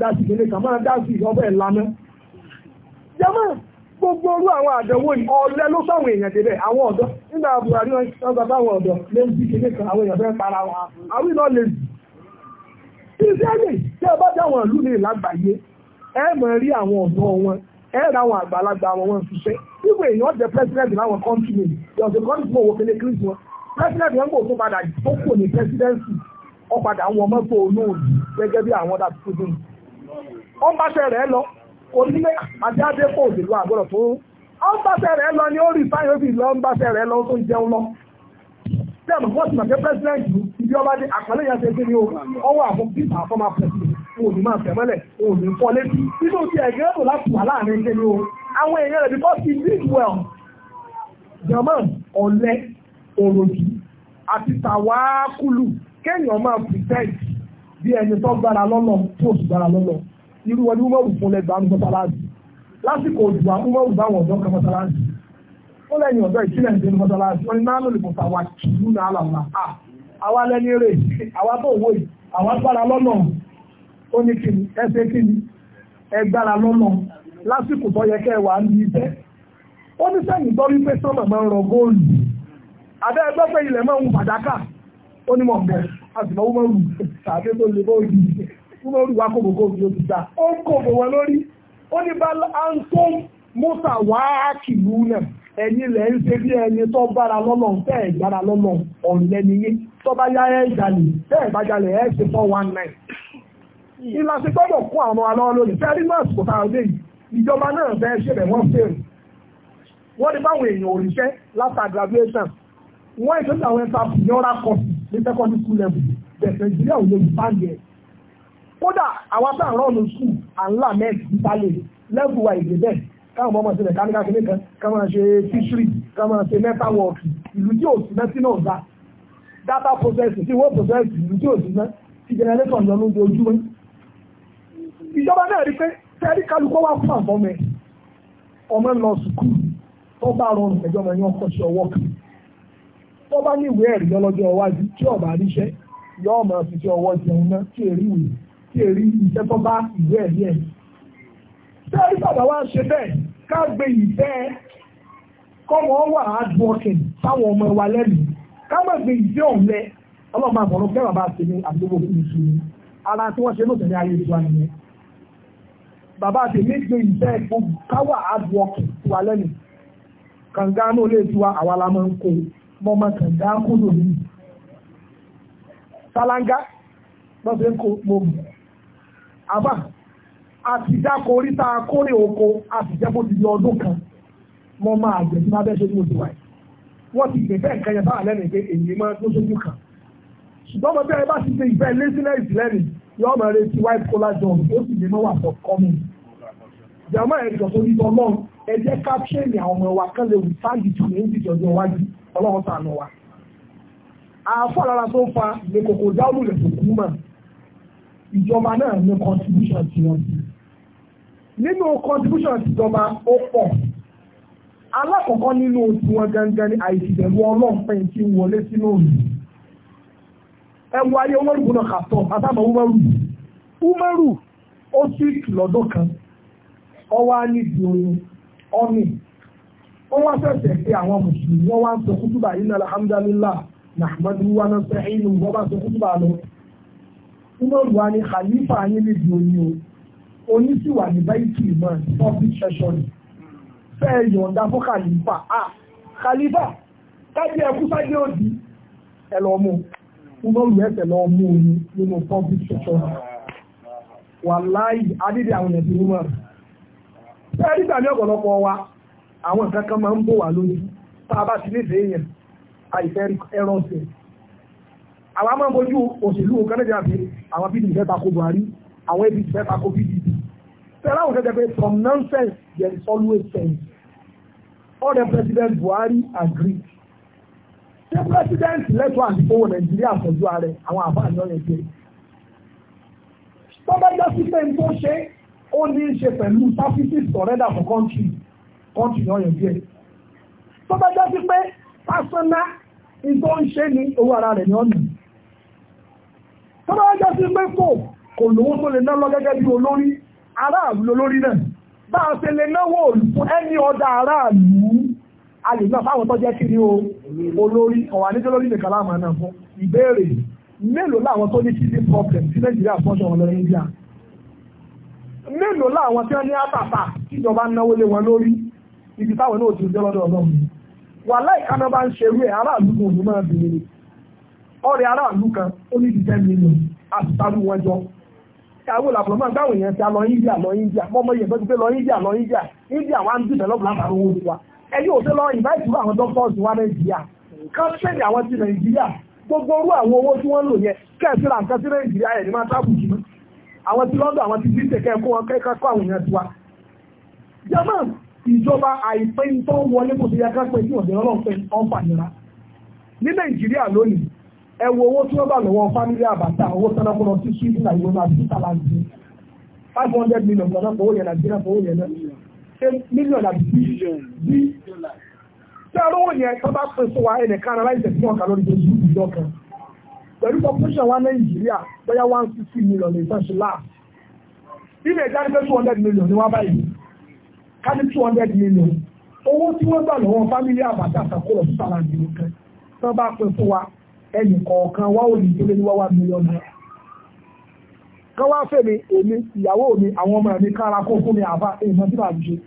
dá sí kíní kan máa dá sí gbogbo orú àwọn àdánwò yìí ló èèyàn débẹ̀ àwọn ọ̀dọ́ nígbà Buhari wọn ẹ̀rọ àwọn àgbàlagbà àwọn wọn ṣiṣẹ́ wípé èèyàn jẹ́ president láwọn country mi yọ̀sẹ̀ kọ́ni fún òwò kele kiri wọn president wọn kò tó padà tó kò ní presidency ó padà wọn mọ́tò olóòdì gẹ́gẹ́ bí àwọn dàbí tuntun ó ń báṣẹ rẹ̀ lọ kò ní àjáde kò lè lọ àgbọ̀dọ̀ tó ó ń báṣẹ rẹ̀ lọ ni ó rí sáyẹn bí lọ ń báṣẹ rẹ̀ lọ tó ń jẹun lọ tẹ́ẹ̀mù fọ́ọ̀tì màkẹ́ president yìí ibi ọba dé àpẹẹrẹ yẹn ṣe kí ni ó ọwọ́ àfọ wọn ò ní máa tẹ̀ mọ́lẹ̀ wọn ò ní fọ́ létí nínú ti ẹ̀gẹ́ rò láti wà láàrin kéde o àwọn èèyàn rẹ̀ because he did well jọmọ ọ̀lẹ òròjì àti tàwákùlù kéèyàn máa pretend bí ẹni tó gbára lọ́nà tó sì gbára lọ́nà irú wọn ni wọ́n wù fún lẹ́gbàá ń gbọ́ta láàbì lásìkò òjò àwọn wọ́n wù báwọn ọ̀dọ́ kan mọ́ta láàbì ó lẹ́yìn ọ̀dọ́ ìtìlẹ̀ ń dé mọ́ta láàbì wọ́n ní náà lòlì mọ́ta wà kìlú náà làlá àwa lẹ́ni rè àwa tó wò yìí àwa gbára lọ́nà ó ní kí ni ẹ ṣe kí ni ẹ gbára lọ́nà lásìkò tó yẹ kẹ́ ẹ wà ní ibẹ̀ ó ní sẹ́yìn gbọ́ wípé sọ́nà máa ń rọ góòlù àbẹ́ ẹgbẹ́ pé ilẹ̀ máa ń fàdákà ó ní mọ̀ bọ̀ àtìmọ́ wọ́n rù tàbí tó lè bó yìí wọ́n rù wá kòbòkò bí ó ti dá ó ń kòbò wọn lórí ó ní bá ń tó mọ́tà wàá kìlú náà ẹ̀yin lẹ̀ ń ṣe bí ẹni tó bára lọ́nà tẹ́ ẹ̀ gbára lọ́nà ọ̀rìn yé tó bá yá ẹ̀ jalè tẹ́ ẹ̀ bá jalè ẹ̀ ṣe four one nine ìlà sí gbọ́dọ̀ kún àwọn ọmọ lórí fẹ́rí náà kò tá a lé yìí ìjọba náà fẹ́ ṣe rẹ̀ wọ́n fèrè wọ́n ní báwọn èèyàn òrìṣẹ́ látà graduation wọ́n ìṣẹ́jú àwọn ẹ̀ta yọra kọ̀ọ̀sì ní secondary school level bẹ̀rẹ̀ nàìjíríà ò lè fi fáńgì kódà àwọn tá à ń rọ́ọ̀nù school à ń là mẹ́ẹ̀tì ìtàlẹ̀ level wa ìgbé bẹ́ẹ̀ káwọn ọmọ ṣe mẹ̀káníkà kìíní kan káwọn ṣe fishery káwọn ṣe mẹ́ta wọ̀ọ̀kì ìlú tí ò sí mẹ́sí náà dá data processing tí wọ́n process ìlú tí ò sí mẹ́ ìjọba náà rí pé tẹ́rí kálukọ́ wá fún àbọ̀mẹ́ ọmọ ń lọ sùkúù tó rọrùn ẹjọ́ ọmọ ọkọ̀ ṣe ọwọ́ kan ní ìwé ẹ̀rí lọ́lọ́jọ́ iwájú tí ríṣẹ́ yọ ọmọ ọwọ́ jẹun náà tí èrí ìwé tí èrí iṣẹ́ ìwé wa ṣe bẹ́ẹ̀ ká gbé ìfẹ́ kọ́mọ wà á ọmọ wa lẹ́nu ká má gbé ìfẹ́ ọlọ́mọ àbọ̀rọ̀ bàbá àdúgbò fún bàbá àtẹ̀mí gbé ìfẹ́ gbogbo káwà hardworking tiwa lẹ́nu kànga náà lè tiwa àwa la máa ń kó mọ́mọ́ kànga kúrò nínú sálángá wọ́n fi ń kó mọ́mù àbá àti dákò orí tá a kórè oko a sì jẹ́ bó ti di ọdún kan mọ́ máa gbẹ̀ tí máa bẹ́ ṣe ní oṣù wáyé wọ́n ti gbẹ̀ bẹ́ẹ̀ kẹyẹ báà lẹ́nu pé èyí máa tó sójú kan ṣùgbọ́n mo bẹ́ẹ̀ bá ti ṣe ìfẹ́ lẹ́sílẹ̀ ìsìlẹ́nìí yóò máa retí white collar job ó sì lè má wà for coming. jàmá ẹ̀jọ̀ tó ní tọ́lọ́ ẹ jẹ́ ká tẹ́ẹ̀nì àwọn ọmọ wa kan lè wù sáàgì jù ní ìdíje ọjọ́ iwájú ọlọ́run sànù wa. àáfà lára tó fa ní kòkò dáhùn lè fòkú mà ìjọba náà ní contribution ti wọn sí. nínú contribution tìjọba ó pọ̀ alákọ̀ọ́kọ́ nínú tiwọn gangan ni àìsíbẹ̀rù ọlọ́ọ̀pẹ̀ tí ń wọlé sínú òyìnbó ẹwọ ayé Umaru gbọ́nà kàtọ́ àtàmọ̀ Umaru Umaru ó sì lọ́dọ̀ kan ọwọ́ á ní ìdòwò ọ́nì wọ́n wá sẹ̀sẹ̀ pé àwọn mùsùlùmí wọ́n wá ń sọ kútùbà iná alhamdulillah nahmadu wa nasẹ̀ inú wọ́n bá sọ kútùbà lọ Umaru wa ni khalifa ayé ní ìdòwò oní sì wà ní báyìí ìmọ̀ public session fẹ́ẹ̀ yọ̀ǹda fún khalifa ah khalifa kájí ẹkú sáyé òdì ẹ lọ fún lórí ẹsẹ̀ lọ mú omi nínú public section wà láì adídẹ àwọn ẹ̀sìn mímọ́ bẹ́ẹ̀ nígbà ní ọ̀pọ̀lọpọ̀ wa àwọn nǹkan kan máa ń bò wá lójú tá a bá ti nífẹ̀ẹ́ èèyàn àìfẹ́ ẹran ọ̀sẹ̀ àwọn máa ń bójú òṣèlú kẹ́lẹ́dẹ̀ àti àwọn bíi ìfẹ́ tako Buhari àwọn ibi ìfẹ́ tako PDP tẹ́lá àwọn kẹ́kẹ́ pé from nonsense there is always sense all the president Buhari agreed ṣé president lẹ́tọ́ àti owó nàìjíríà pọ̀jù ààrẹ àwọn àfáàní ọ̀yẹ́ jẹ́ tọ́gbà jọ sí pé tó ṣe ó ní í ṣe pẹ̀lú services surrender for country country ọ̀yẹ́ jẹ́ tọ́gbà jọ sí pé personal ìtọ́ ń ṣe ní owó ara rẹ̀ ní ọ̀nà tọ́gbà jọ sí pé kò kò lówó tó lè ná lọ gẹ́gẹ́ bí olórí aráàlú olórí náà bá a ṣe lè náwó fún ẹni ọ̀dà aráàlú a lè náà fáwọn tó jẹ́ kí ni o olórí ọ̀wà níjọ́ lórí nìkan láàmú náà fún ìbéèrè mélòó láwọn tó ní kidney problem sí nàìjíríà fọ́nṣọ́ wọn lọ india mélòó láwọn tí wọ́n ní àtàtà tíjọba náwó lé wọn lórí ibi táwọn náà ti ń jẹ́ lọ́dọ̀ ọlọ́run wà láìka náà bá ń ṣerú ẹ̀ aráàlú kan òun máa bèèrè ọ̀rẹ́ aráàlú kan ó ní ìdíjẹ́ mílíọ̀nù àtìtàlú wọn jọ àwọn olàbọ̀lọ́ máa gbáwọn èèyàn ti lọ india lọ india mọ́mọ́ yẹn tó ti pé lọ india lọ india india wa ń dìbẹ̀ lọ́bùlá àtàwọn owó tiwa ẹ yóò lọ ìbáìtì àwọn doctors wa nàìjíríà kan ṣèdè àwọn ti nàìjíríà gbogbo orú àwọn owó tí wọ́n lò yẹn kẹ́ẹ̀sì ra sí nàìjíríà ẹ̀ ní máa tábù jù àwọn ti lọ́dọ̀ àwọn ti bí tẹ̀kẹ́ kó wọn kẹ́kẹ́ kó àwọn èèyàn tiwa. jẹ́mọ̀ ìjọba àìpẹ́ tó ń wọlé kò sí yẹ ká pé tí òde ọlọ́run pé ọ́n fànira. ní nàìjíríà lónìí ẹ owó tí wọ́n bá lọ́wọ́ fámílì àbàtà owó sánákúnrọ́ sí sweden àyíwọ́n àti mílíọ̀nù àbí bí tí a lówó yẹn tó bá pèsè wa ẹnìkan ara láìsẹ̀ fún ọ̀kà lórí oṣù ìjọ kan pẹ̀lú population wa Nàìjíríà bóyá one sixty million ní ìfẹ́sùn láàbù ilé ìjà ní pé two hundred million ni wọ́n báyìí ká ní two hundred million owó tí wọ́n gbà lọ́wọ́ fámílì àbàtà àtàkùrọ̀ sí sàlàyé nìkan tí wọ́n bá pèsè wa ẹnì kọ̀ọ̀kan wá òní tó lé ní wá wá mílíọ̀nù náírà kan wá fẹ́ mi èmi ìyàwó mi àwọn ọmọ mi kára kó fún mi àbá èèmọ̀ tí màá ṣe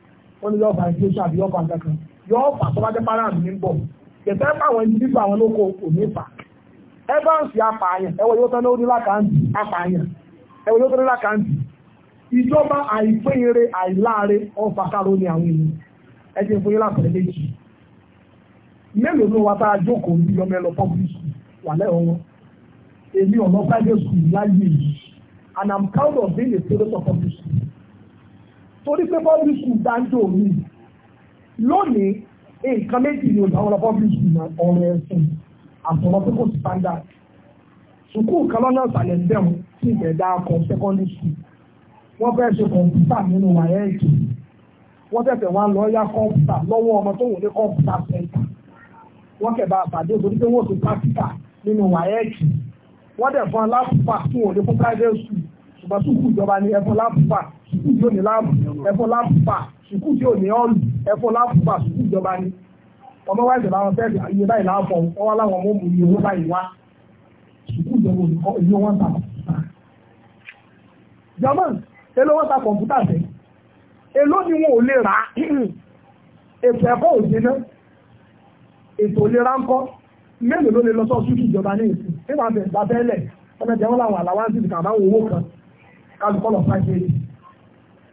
wọ́n ní yọ̀ọ̀fà inflation àbí yọ̀ọ̀fà kankan yọ̀ọ̀fà tó bá jẹ́ para mi ń àwọn ẹni bíbá àwọn olóko kò ní fà evans apààyàn ẹwọ yóò tán lórí lákàntì apààyàn ẹwọ yóò tán lórí lákàntì ìjọba àìpéyere àìláre ni àwọn èèyàn ẹ fún yín lápẹ̀rẹ̀ mélòó ló tá a jókòó bí ọmọ ẹ lọ public school wà lẹ́wọ̀n wọn èmi ọ̀nà private school láyé yìí and I'm proud of being a student torí pé public school dáńjọ́ mi lónìí nǹkan méjì ni òdàwọn lọ public school náà ọ̀rọ̀ ẹ̀sìn àtọ̀rọ̀ pé kò sí standard sùkúù kan lọ́nà ìsàlẹ̀ bẹ́ẹ̀ sí ìgbẹ̀dá kan secondary school wọ́n fẹ́ ṣe kọ̀ǹpútà nínú wàyẹ̀ ètò wọ́n tẹ̀sẹ̀ wá lọ yá kọ̀ǹpútà lọ́wọ́ ọmọ tó wò ní kọ̀ǹpútà center wọ́n kẹ̀bà àpàdé òtòdí pé wọ́n ti pàtíkà nínú wàyẹ̀ ètò wọ́n dẹ̀ fún aláfùfà fún òní fún private school ṣùgbọ́n sùkúù ìjọba ní ẹ̀fọn aláfùfà sùkúù tí ò ní láàbù ẹ̀fọ́ láàbù pa sùkúù tí ò ní ọ̀lù ẹ̀fọ́ láàbù pa sùkúù ìjọba ni ọmọ wa ìjọba àwọn fẹ́ẹ̀ iye báyìí láàbọ̀ wọn wá láwọn ọmọ òmùú iye owó báyìí wá sùkúù ìjọba olùkọ́ iye wọn ta german èló wọn ta kọ̀ǹpútà tẹ̀ èló ni wọn ò lè rà á ètò ẹ̀kọ́ ò jẹ́ náà ètò ìlera ń kọ́ mélòó ló lè lọ sọ ṣúkì ìjọba ní ìsìn nígbà bẹ̀rẹ̀ bá bẹ́ẹ̀lẹ̀ ọmọ ẹ̀jẹ̀ wọn làwọn àlàwáńsì kàbáwọn owó kan kálukọ́ lọ sáà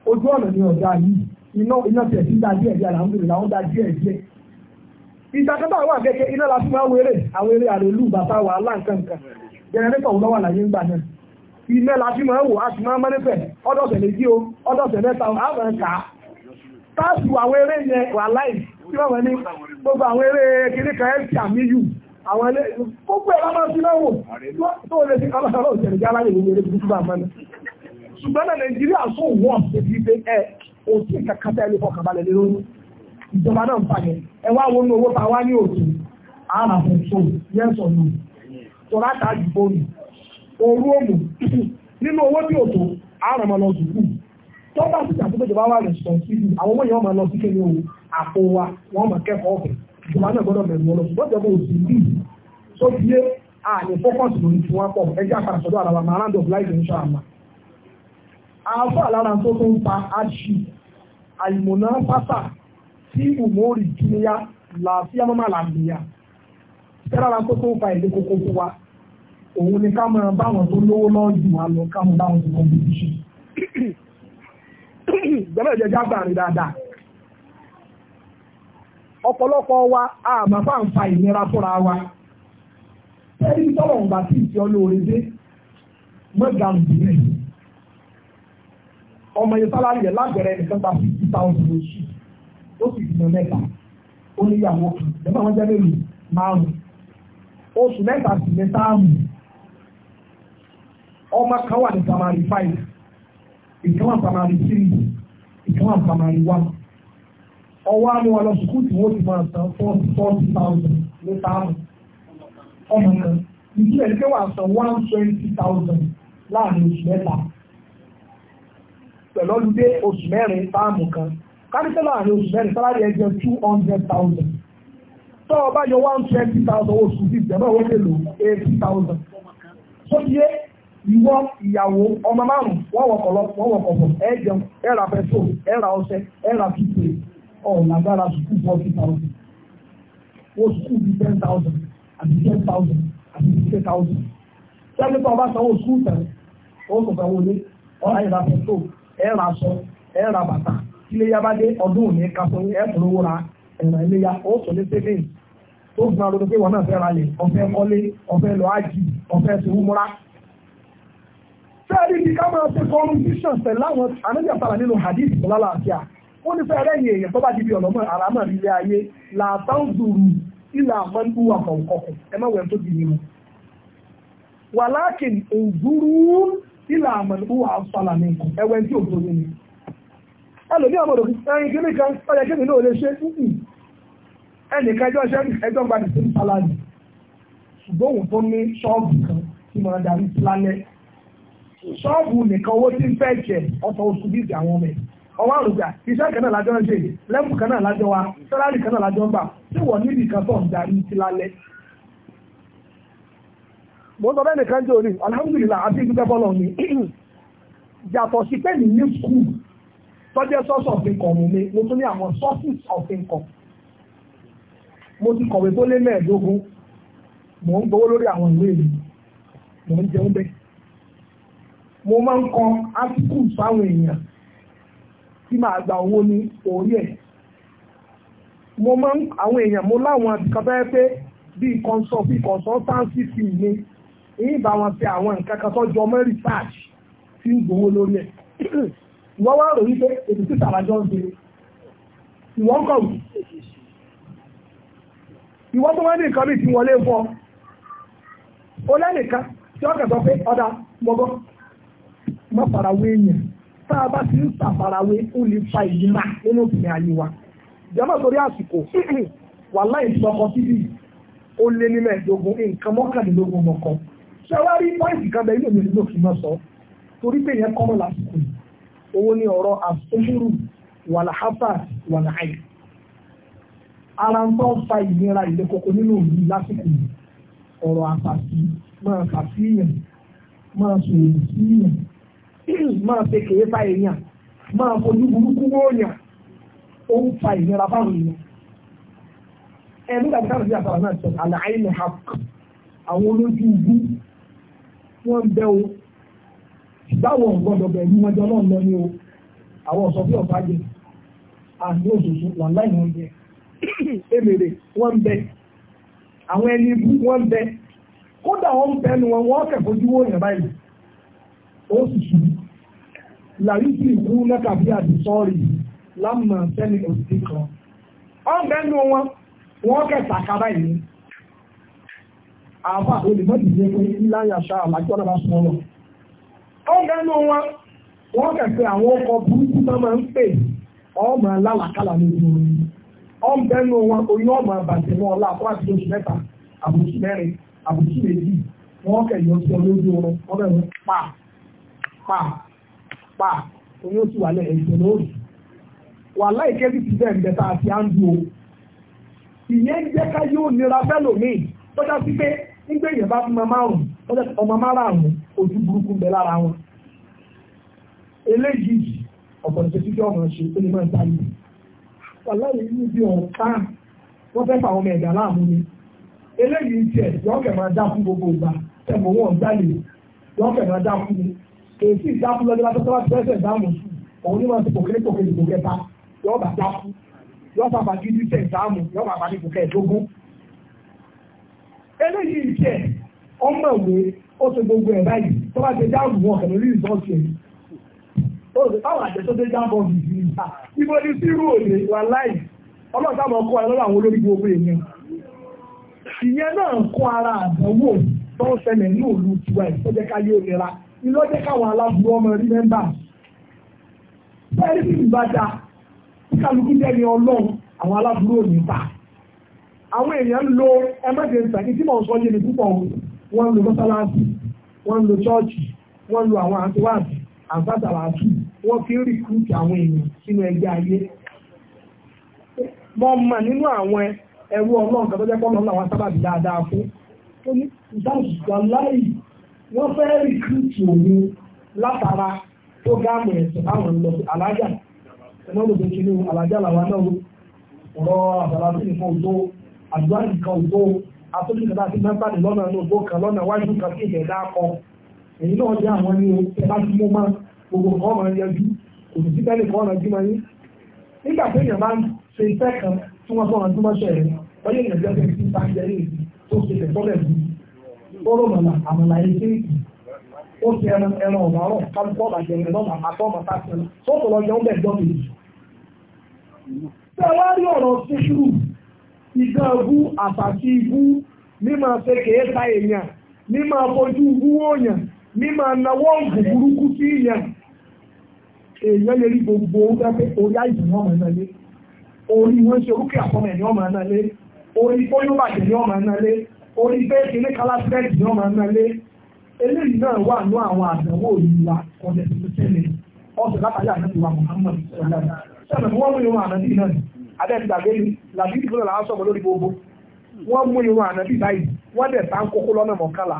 ojú ọ̀nà ni ọ̀dà yìí iná iná tẹ̀ sí dájú ẹ̀dí àlàmúlẹ̀ làwọn dájú ẹ̀dí dị ìtàkàtà àwọn akẹ́kẹ́ iná la fún awéré awéré àrèlú bàtà wàhálà nkankan jẹnẹrétọ̀ òun lọ́wọ́ àlàyé ńgbà náà. iná la fi máa wò á sì máa ọ̀dọ̀sẹ̀ méjì o ọ̀dọ̀sẹ̀ mẹ́ta o àwọn ẹ̀ka. táàsù àwọn eré yẹn wà láì ní gbogbo àwọn eré kiri kan ẹ̀sì àwọn gbogbo ẹ̀ ṣùgbọ́n náà nàìjíríà so wọ́n ṣèbí pé ẹ òtí kankan tẹ́lẹ̀ fọkànbalẹ̀ lé lórí ìjọba náà ń pa yẹn ẹ wá wọn owó ta wá ní òtún àrà fún fóònù yẹn sọ nù tọ́lá òru òmù nínú owó máa lọ tó bá sì ìjọba wà àwọn ọmọ yẹn máa lọ sí kéde òun àpò wa wọn máa kẹ́kọ̀ọ́ ọ̀fẹ́ ìjọba náà gbọ́dọ̀ bẹ̀rù wọn lọ àáfà lára tó tún pa àṣì àìmọ̀nà pátá tí ìmòórì jùlọ làáfíà mọ́mọ́ làbíyà tẹ́lá la tó tún fa èdè kókó fún wa òun ni ká máa báwọn tó lówó náà jù wá lọ ká báwọn tó gbẹ́lẹ̀ dáadáa ọ̀pọ̀lọpọ̀ wa àmà fáǹfà ìnira fúnra wa tẹ́lí tọ́lọ̀ ń bá sí ìfẹ́ ọmọ yẹn sálárì yẹn lágbẹ̀rẹ̀ nìkan ta fifty thousand oṣù ó sì gbìyànjú mẹ́ta ó ní ìyàwó kan lẹ́gbẹ́ àwọn jẹ́ mẹ́rin márùn-ún oṣù mẹ́ta sì mẹ́ta àmù ọmọ kan wà ní primary five ìkan wà primary three ìkan wà primary one ọwọ́ àmú wọn lọ sùkúù tí wọ́n ti máa san forty forty thousand mẹ́ta àmù ọmọ kan ìdílé ní pé wà san one twenty thousand láàrin oṣù mẹ́ta pẹ̀lú ọdúndé oṣù mẹ́rin fáàmù kan kánífẹ́ láàrin oṣù mẹ́rin sáláàrí ẹgbẹ́ two hundred thousand tó o bá yọ one twenty thousand oṣù bíi ìjọba owó mélòó eighty thousand tó ti yé ìwọ ìyàwó ọmọ márùn wọn wọkọ lọ wọn wọkọ bọ ẹ jẹun ẹ ra pẹtrò ẹ ra ọṣẹ ẹ ra tùpè ọ lágbára sùkúù forty thousand wọ́n sùkúù bíi ten thousand àbí ten thousand àbí fifty thousand sẹ́ni tó o bá sanwó sùkúù tẹ̀lé o kò sanwó lé ọ̀rá ìlà ẹ ra aṣọ ẹ ra bàtà iléyà bá dé ọdún òní kaṣọ ẹ tún owó ra ẹ̀rọ iléyà ó tún lé savings tó gbọ́n lọ́dún pé wọ́n náà fẹ́ ra lè ọ̀fẹ́ kọ́lé ọ̀fẹ́ lọ ájì ọ̀fẹ́ ti wúmúra. sẹ́ẹ̀rì bí ká máa ṣe competition pẹ̀lú àwọn ànájà sára nínú hadith lọ́la àti à wọ́n ní fẹ́ẹ́rẹ́ yìí èèyàn tó bá ilà àmọ̀lùkù wà sọ́là ní nǹkan ẹwẹ́ tí òkú ní ni ẹlòmí àmọ̀lù ẹyin kí nìkan ọjà kí nìkan ò lè ṣe nǹkan ẹnìkan ẹjọ́ ṣe ẹjọ́ gba nìkan sálárì ṣùgbọ́n òun tó ní ṣọ́ọ̀bù kan tí mo darí planẹ̀ ṣọ́ọ̀bù nìkan owó tí ń fẹ́ jẹ ọ̀tọ̀ oṣù bíi ti àwọn ọmọ ẹ̀ ọwọ́ àrùgbà iṣẹ́ kan náà lájọ́ ń ṣe lẹ́bù kan náà lájọ́ wa sálárì kan náà lájọ́ gbà tí wọ́n níbi kan tó ń darí planẹ̀ mo ń sọ bẹ́ẹ̀ nìkan jò ní alhamdulillah àti ìdúpẹ́ bọ́lọ̀ mi yàtọ̀ sí pé ní ní school tọ́jẹ́ source of income mi mo tún ní àwọn sources of income mo ti kọ̀wé tó lé mẹ́ẹ̀ẹ́dógún mo ń gbowó lórí àwọn ìwé mi mo ń jẹun bẹ́ẹ̀ mo máa ń kọ article sáwọn èèyàn tí màá gba owó ní orí ẹ̀ mo máa ń àwọn èèyàn mo láwọn àbíkọ́ bẹ́ẹ̀ pé bíi consultancy fee mi ìbá wọn ṣe àwọn nǹkan kan tó jọ mọ́ research tí ń gbowó lórí ẹ̀ ìwọ́n wá rò wípé tí sàràjọ ń ṣe ìwọ́n ń kọ̀wé ìwọ́n tó wá ní nǹkan bí ti wọlé fọ́ ó lẹ́nìkan tí ó kẹ̀tọ́ pé ọ̀dà gbọ́gbọ́ má tá a bá ti ń sàfarawé ó lè fa ìlera nínú òfin ayé wa jẹ́mọ̀ ṣàwárí pọ́ìntì kan bẹ̀rẹ̀ ìlú ìlú òfin náà sọ torí pé yẹn kọ́ mọ́ lásìkò owó ní ọ̀rọ̀ àfẹ́rù wàlàhápà wàlàáyì ara ń tọ́ fa ìnira ìlé koko nínú òní lásìkò ọ̀rọ̀ àfàsí máa fà sí yẹn máa sòrò sí yẹn máa ṣe kèé fa èèyàn máa fojú burúkú wọ́ọ̀yàn ó ń fa ìnira fáwọn èèyàn ẹnu dàbí káàdì àtàwọn náà sọ àlàáyé ní hàk àwọn olójú ibú wọ́n ń bẹ́ o ìgbàwọ̀ gbọ́dọ̀ bẹ̀rù wọn jọ náà lọ ní o àwọn ọ̀sọ́ bí ọ̀pá jẹ àti òṣòṣò wà láì wọn jẹ èmèrè wọ́n ń bẹ àwọn ẹni ibú wọ́n ń bẹ kódà wọ́n ń bẹnu wọn wọ́n kẹ̀kọ́ ju wọ́n yẹn báyìí ó sì sùn làrí sí ìkú lẹ́kàbí àti sọ́ọ̀rì lámà sẹ́ni òsì kan ọ̀n bẹnu wọn wọ́n kẹ̀ sàkà báyìí àfà olùmọ́dìdé pé ńlá yàṣà àlájọ́ náà bá sọ lọ. ó dánú wọn wọn kẹ̀kẹ́ àwọn ọkọ̀ burúkú náà máa ń pè ọmọ lálàkàlà lójú orin ọm bẹnu wọn oyún ọmọ àbàtì ọlá àkọ́ àti oṣù mẹ́ta mẹ́rin méjì kẹ̀yọ́ sí bẹ̀rẹ̀ pa pa pa oyún wà lórí wà láìké ti bẹ́ẹ̀ àti o ìyẹn jẹ́ ká yóò nira tó dá sí pé nígbà èèyàn bá fún ọmọ márùn-ún ojú burúkú bẹ lára wọn eléyìí ọ̀pọ̀ ìṣẹ́ títí ọ̀nà ṣe tó lè máa gbá yìí wà láyé ní bí ọ̀ká wọ́n fẹ́ fàwọn ọmọ ẹ̀dá láàmú ni eléyìí tiẹ̀ yọ kẹ̀ máa dá fún gbogbo ìgbà tẹ̀mọ̀ wọn ń gbálè yọ kẹ̀ máa dá fún mi èyí sì fún lọ́jọ́ látọ́tọ́ láti fẹ́sẹ̀ dáàmú òun ní máa ti pòkéré pòkéré pòkẹta yọ bà dá fún yọ bàbá gidi tẹ̀ dáàmú yọ bàbá ní pòkẹ́ ìdógún eléyìí jẹ́ ọmọ ìwé ó ṣe gbogbo ẹ̀ báyìí tó bá ṣe jáàmù wọn kàn lórí ìsọ́ọ̀tì ẹ̀ táwọn àjẹ́ tó dé jáàmù ọ̀gbìn yìí ibo ni sírù òde wà láì ọlọ́run táwọn ọkọ ẹ lọ́wọ́ àwọn olórí gbogbo ara àdánwò tó ń ṣẹlẹ̀ ní òlu tiwa ẹ̀ tó jẹ́ ká yóò nira káwọn ọmọ rí mẹ́mbà kálukú jẹ́ àwọn èèyàn lo emergency ní tí mò ń sọ yé mi púpọ̀ wọ́n lo mọ́sálásí lo chọ́ọ̀chì lo àwọn àtiwáàtì àfàtàlàtì wọn fi ń àwọn èèyàn sínú ẹgbẹ́ ayé mo mọ̀ nínú àwọn ẹrú ọlọ́run kan tó jẹ́ pọ́nlọ́run àwọn sábàbí dáadáa fún ní wọ́n fẹ́ òun látara ẹ̀sìn lọ sí alájà lòdì àdúrà nìkan ògbó atọ́júkà láti mẹ́fà ní lọ́nà ní ògbó kan lọ́nà wájú kan sí ìdẹ̀dá kan èyí náà jẹ́ àwọn ní ẹ bá ti mú máa gbogbo kan máa yanjú kò sì sí tẹ́lẹ̀ kan ọ̀nà jímọ̀ yín nígbà tó èèyàn máa ń ṣe iṣẹ́ kan tí wọ́n sọ̀rọ̀ túmọ̀ ṣẹ̀ rẹ̀ wọ́n yóò yànjẹ́ pé kí sáńjẹ́ lè tó ṣe tẹ̀sọ́lẹ̀ bí ó rò mọ̀nà àmàlà ẹ̀ṣẹ́ẹ̀kì ó ti ẹran ẹran ọ̀nà ọ̀rọ̀ kálukọ́ bàjẹ́ rẹ̀ lọ́mọ àtọ́ ọmọ tá a ṣẹlẹ̀ sọ́tò lọ́jọ́ ń bẹ̀ gbọ́ mi. Ṣé wá rí ọ̀rọ̀ ṣíṣúrù ìgá ọbú àtàkì ibú mímọ̀ ṣe kèéta èèyàn mímọ̀ fojú ibú òyàn mímọ̀ náwó burúkú sí èèyàn èèyàn lè rí gbogbo oúnjẹ pé orí àìsàn náà mọ̀ náà lé orí wọn ṣe orúkẹ àpọmọ ẹ̀ ní ọmọ náà lé orí fọyọ́bàjẹ́ ní ọmọ náà lé orí bẹ́ẹ̀kì ní kálásílẹ̀tì ní ọmọ náà eléyìí náà wà ní àwọn àdánwò ìlà ọ̀dẹ̀ tuntun tẹ́lẹ̀ ọ̀sẹ̀ látàrí àdánwò àwọn Muhammad sọ̀rọ̀ sọ̀rọ̀ wọ́n mú ìwọ̀n àdánwò náà adẹ́gbàgbé làbí ìfúnná làwọn sọ̀rọ̀ lórí gbogbo wọ́n mú irun ànábì báyìí wọ́n dẹ̀ bá ń kókó lọ́nà mọ̀kànlá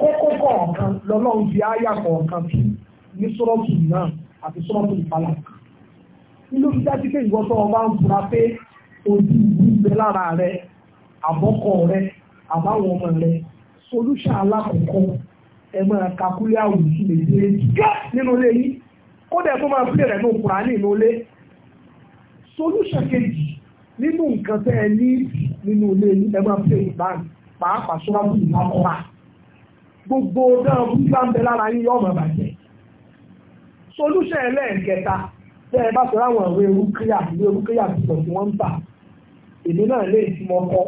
kókó kọ̀ọ̀kan lọ́lọ́run fi áyà kọ̀ọ̀kan tù ní sọ́rọ́tù náà àti sọ́rọ́tù ìfàlà nínú fi dájú pé ìwọ́n tó ọba ń fura pé ojú ìgbẹ́ lára rẹ àbọ́kọ rẹ àbáwọn ọmọ rẹ solúṣà alákọ̀ọ́kọ́ ẹ máa kakúlẹ̀ àwùjọ lè dé nínú ilé yìí kódà tó máa fi rẹ̀ nù kùránì nínú ilé solution kejì nínú nǹkan tẹ́ ẹ ní nínú ilé yìí ẹ máa fẹ́ ìbáàmì pàápàá sọ́wọ́n fún ìlú ọkọ̀ gbogbo dáa fún gbàǹbẹ̀ lára yín yọ ọmọ bàjẹ́ solution ẹlẹ́ẹ̀kẹta tẹ́ ẹ bá sọ láwọn ìwé rúkìá ìwé rúkìá púpọ̀ tí wọ́n ń tà èmi náà lè ti mọ ọkọ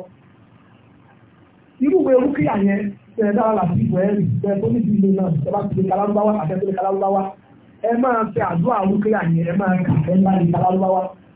irú ìwé rúkìá yẹn tẹ́ ẹ dára láti ìwé ẹ̀rì tẹ́ ẹ tó níbi ilé náà tẹ́ bá ti ẹ máa fẹ́ àdúrà rúkìá yẹn ẹ máa kà ẹ máa lè kalárúbáwá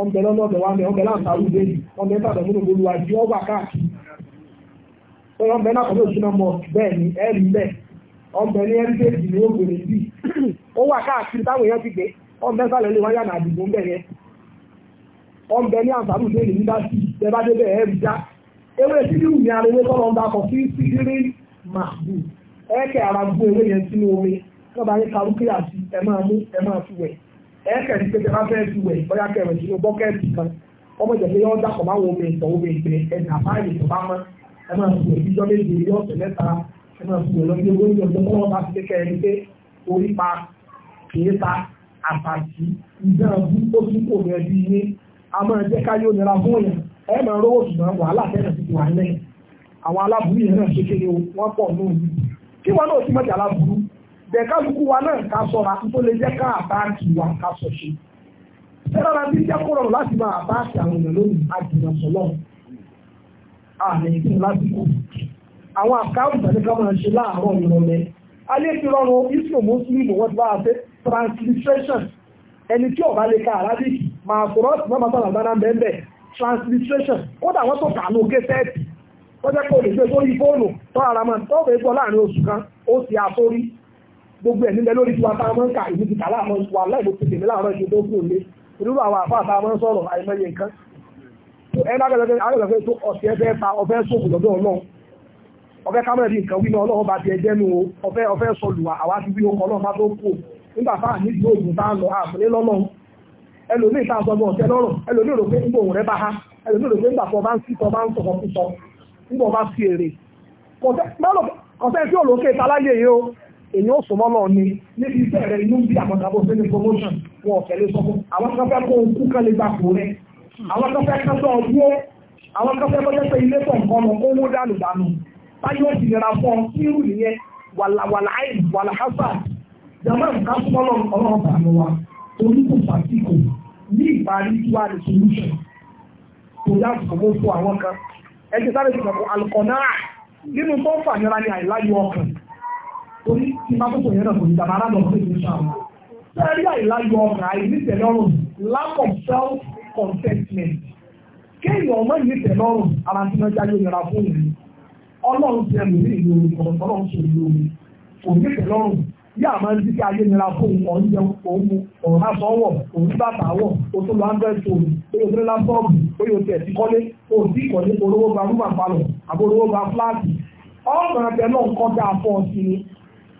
ọ̀nbẹ lọ́dọ̀ wa ń bẹ ọ̀nbẹ láǹtàrú bẹ́ẹ̀lì ọ̀nbẹ tàbí múlò lólu àjí ọgbà káàkiri ọ̀nbẹ náà pẹ̀lú òṣìṣẹ́ mọ̀ bẹ́ẹ̀ ni ẹ̀rí ń bẹ̀ ọ̀nbẹ ní ẹ́rígẹ́jì ni ó gbèrè sí ó wà káàkiri táwọn èèyàn ti gbé ọ̀nbẹ sálẹ̀ lè wáyà náà àdìgbò ń bẹ̀ yẹn ọ̀nbẹ ní àǹtàrú bẹ́ẹ̀lì ní bá sí ìjẹba débẹ̀ ẹ̀rí já ewé sídìrú ni arẹwé tọ́lọ́ ń bá kọ sí sídìrí màbù ẹ̀ẹ́kẹ̀ ara gbó ewé yẹn sínú omi lọ́ba ní karùkì àti ẹ̀ máa mú ẹ̀ máa fi wẹ̀ ẹ̀ẹ́kẹ̀ ní pé tẹ́lá fẹ́ẹ́ ti wẹ̀ bóyá kẹrẹ̀ sínú bọ́kẹ́ẹ̀tì kan ọmọ ìjọ pé yọ́ọ́ dàpọ̀ máa wọ omi ìtọ̀ omi ìgbẹ́ ẹ̀dà fáìlì tó bá mọ́ ẹ máa fi èyí jọ méje ní ọ̀sẹ̀ mẹ́ta ẹ máa fi èyí lọ́jọ́ lórí ọjọ́ tó wọ́n ti kékeré ní pé orí pa kìí ta àpàtì ìdáàbù ó tún kò rẹ̀ bí yé a máa jẹ́ ká yóò nira fún yẹn ẹ máa rówó ṣùgbọ́n wàhálà tẹ́lẹ̀ ti wà lẹ́yìn àwọn aláburú yẹn náà ṣe kéde wọ́n pọ̀ lóòrùn dẹ̀kálukú wa náà ká sọ̀rọ̀ àtúntò lè ká wa ká ṣe. Ẹ̀rọ̀ra ti jẹ́ kó láti máa àbáàkì àwọn èèyàn lónìí àjùmọ̀ sọ̀lọ́. Àmì ìpín lásìkò. Àwọn àkáwùn tàbí ká máa ṣe láàárọ̀ ìrọ̀lẹ́. ti rọrùn Islam Muslim wọ́n ti bá transliteration. ka Arabic máa sọ̀rọ̀ máa bẹ́ẹ̀ transliteration. Kódà wọ́n tó kàánú jẹ́ kó lè gbé sórí fóònù tó ara máa láàrin oṣù kan, ó àtórí gbogbo ẹ̀ nílẹ̀ lórí táwọn ìlú ti wà láàárọ̀ tó àwọn àfáà táwọn sọ̀rọ̀ ẹni agbẹ̀gbẹ̀ tó ọ̀sẹ̀ ẹfẹ́ pa ọfẹ́ sóògùn lọ́dọ̀ ọlọ́run ọfẹ́ bí nǹkan ọlọ́run bá ti ẹjẹ́ nu ọfẹ́ ọfẹ́ àwa ti wí ọkọ̀ ọlọ́run bá tó nígbà táà ní ìlú ògùn bá ń lọ a sọ ọ̀tẹ́ lọ́rùn ẹlòmíì rò pé nígbà ha ẹlòmíì rò pé nígbà tó bá ń bá ń sọ̀rọ̀ èyí ó sọmọ́ lọ ni níbi iṣẹ́ rẹ inú bí àmọ́tàbọ̀ sí ní promotion wọn ọ̀fẹ́ lè àwọn kan fẹ́ kó kú kan lè gbà rẹ àwọn kan fẹ́ kán sọ ọdún àwọn kan fẹ́ kọjá pé ilé kọ̀ọ̀kan lọ owó dànù dànù báyìí nira fún irú nìyẹn wàlàwàlà jàmbá nǹkan sọmọ́ lọ ọlọ́run wa ní torí tí bá tó tòyẹ́ náà kò ní dàbà arábọ̀ tó ti sọ àwọn. Sẹ́rí àìláyọ̀ ọkàn àìnítẹ̀lọ́rùn lack of self contentment. Kéèyàn ọmọ ìnítẹ̀lọ́rùn ara tí wọ́n jáde yẹra fún òun. Ọlọ́run ti ẹnu ní ìlú omi kọ̀ọ̀tọ̀ ọlọ́run ti ìlú omi. Kò nítẹ̀lọ́rùn yá àmọ́ ń díkẹ́ ayé nira fún òun ọ̀njẹ òun ọ̀run aṣọ wọ̀ òun bàtà wọ̀ o tó lọ android phone o yóò tẹ́lẹ̀ lápọ́ọ̀bù o yóò tẹ̀ sí kọ́lé o sì kọ́lé olówó gba rúbà palọ̀ àbí olówó gba fúláàtì ọ̀run àtẹ náà kọjá fún ọ sí ni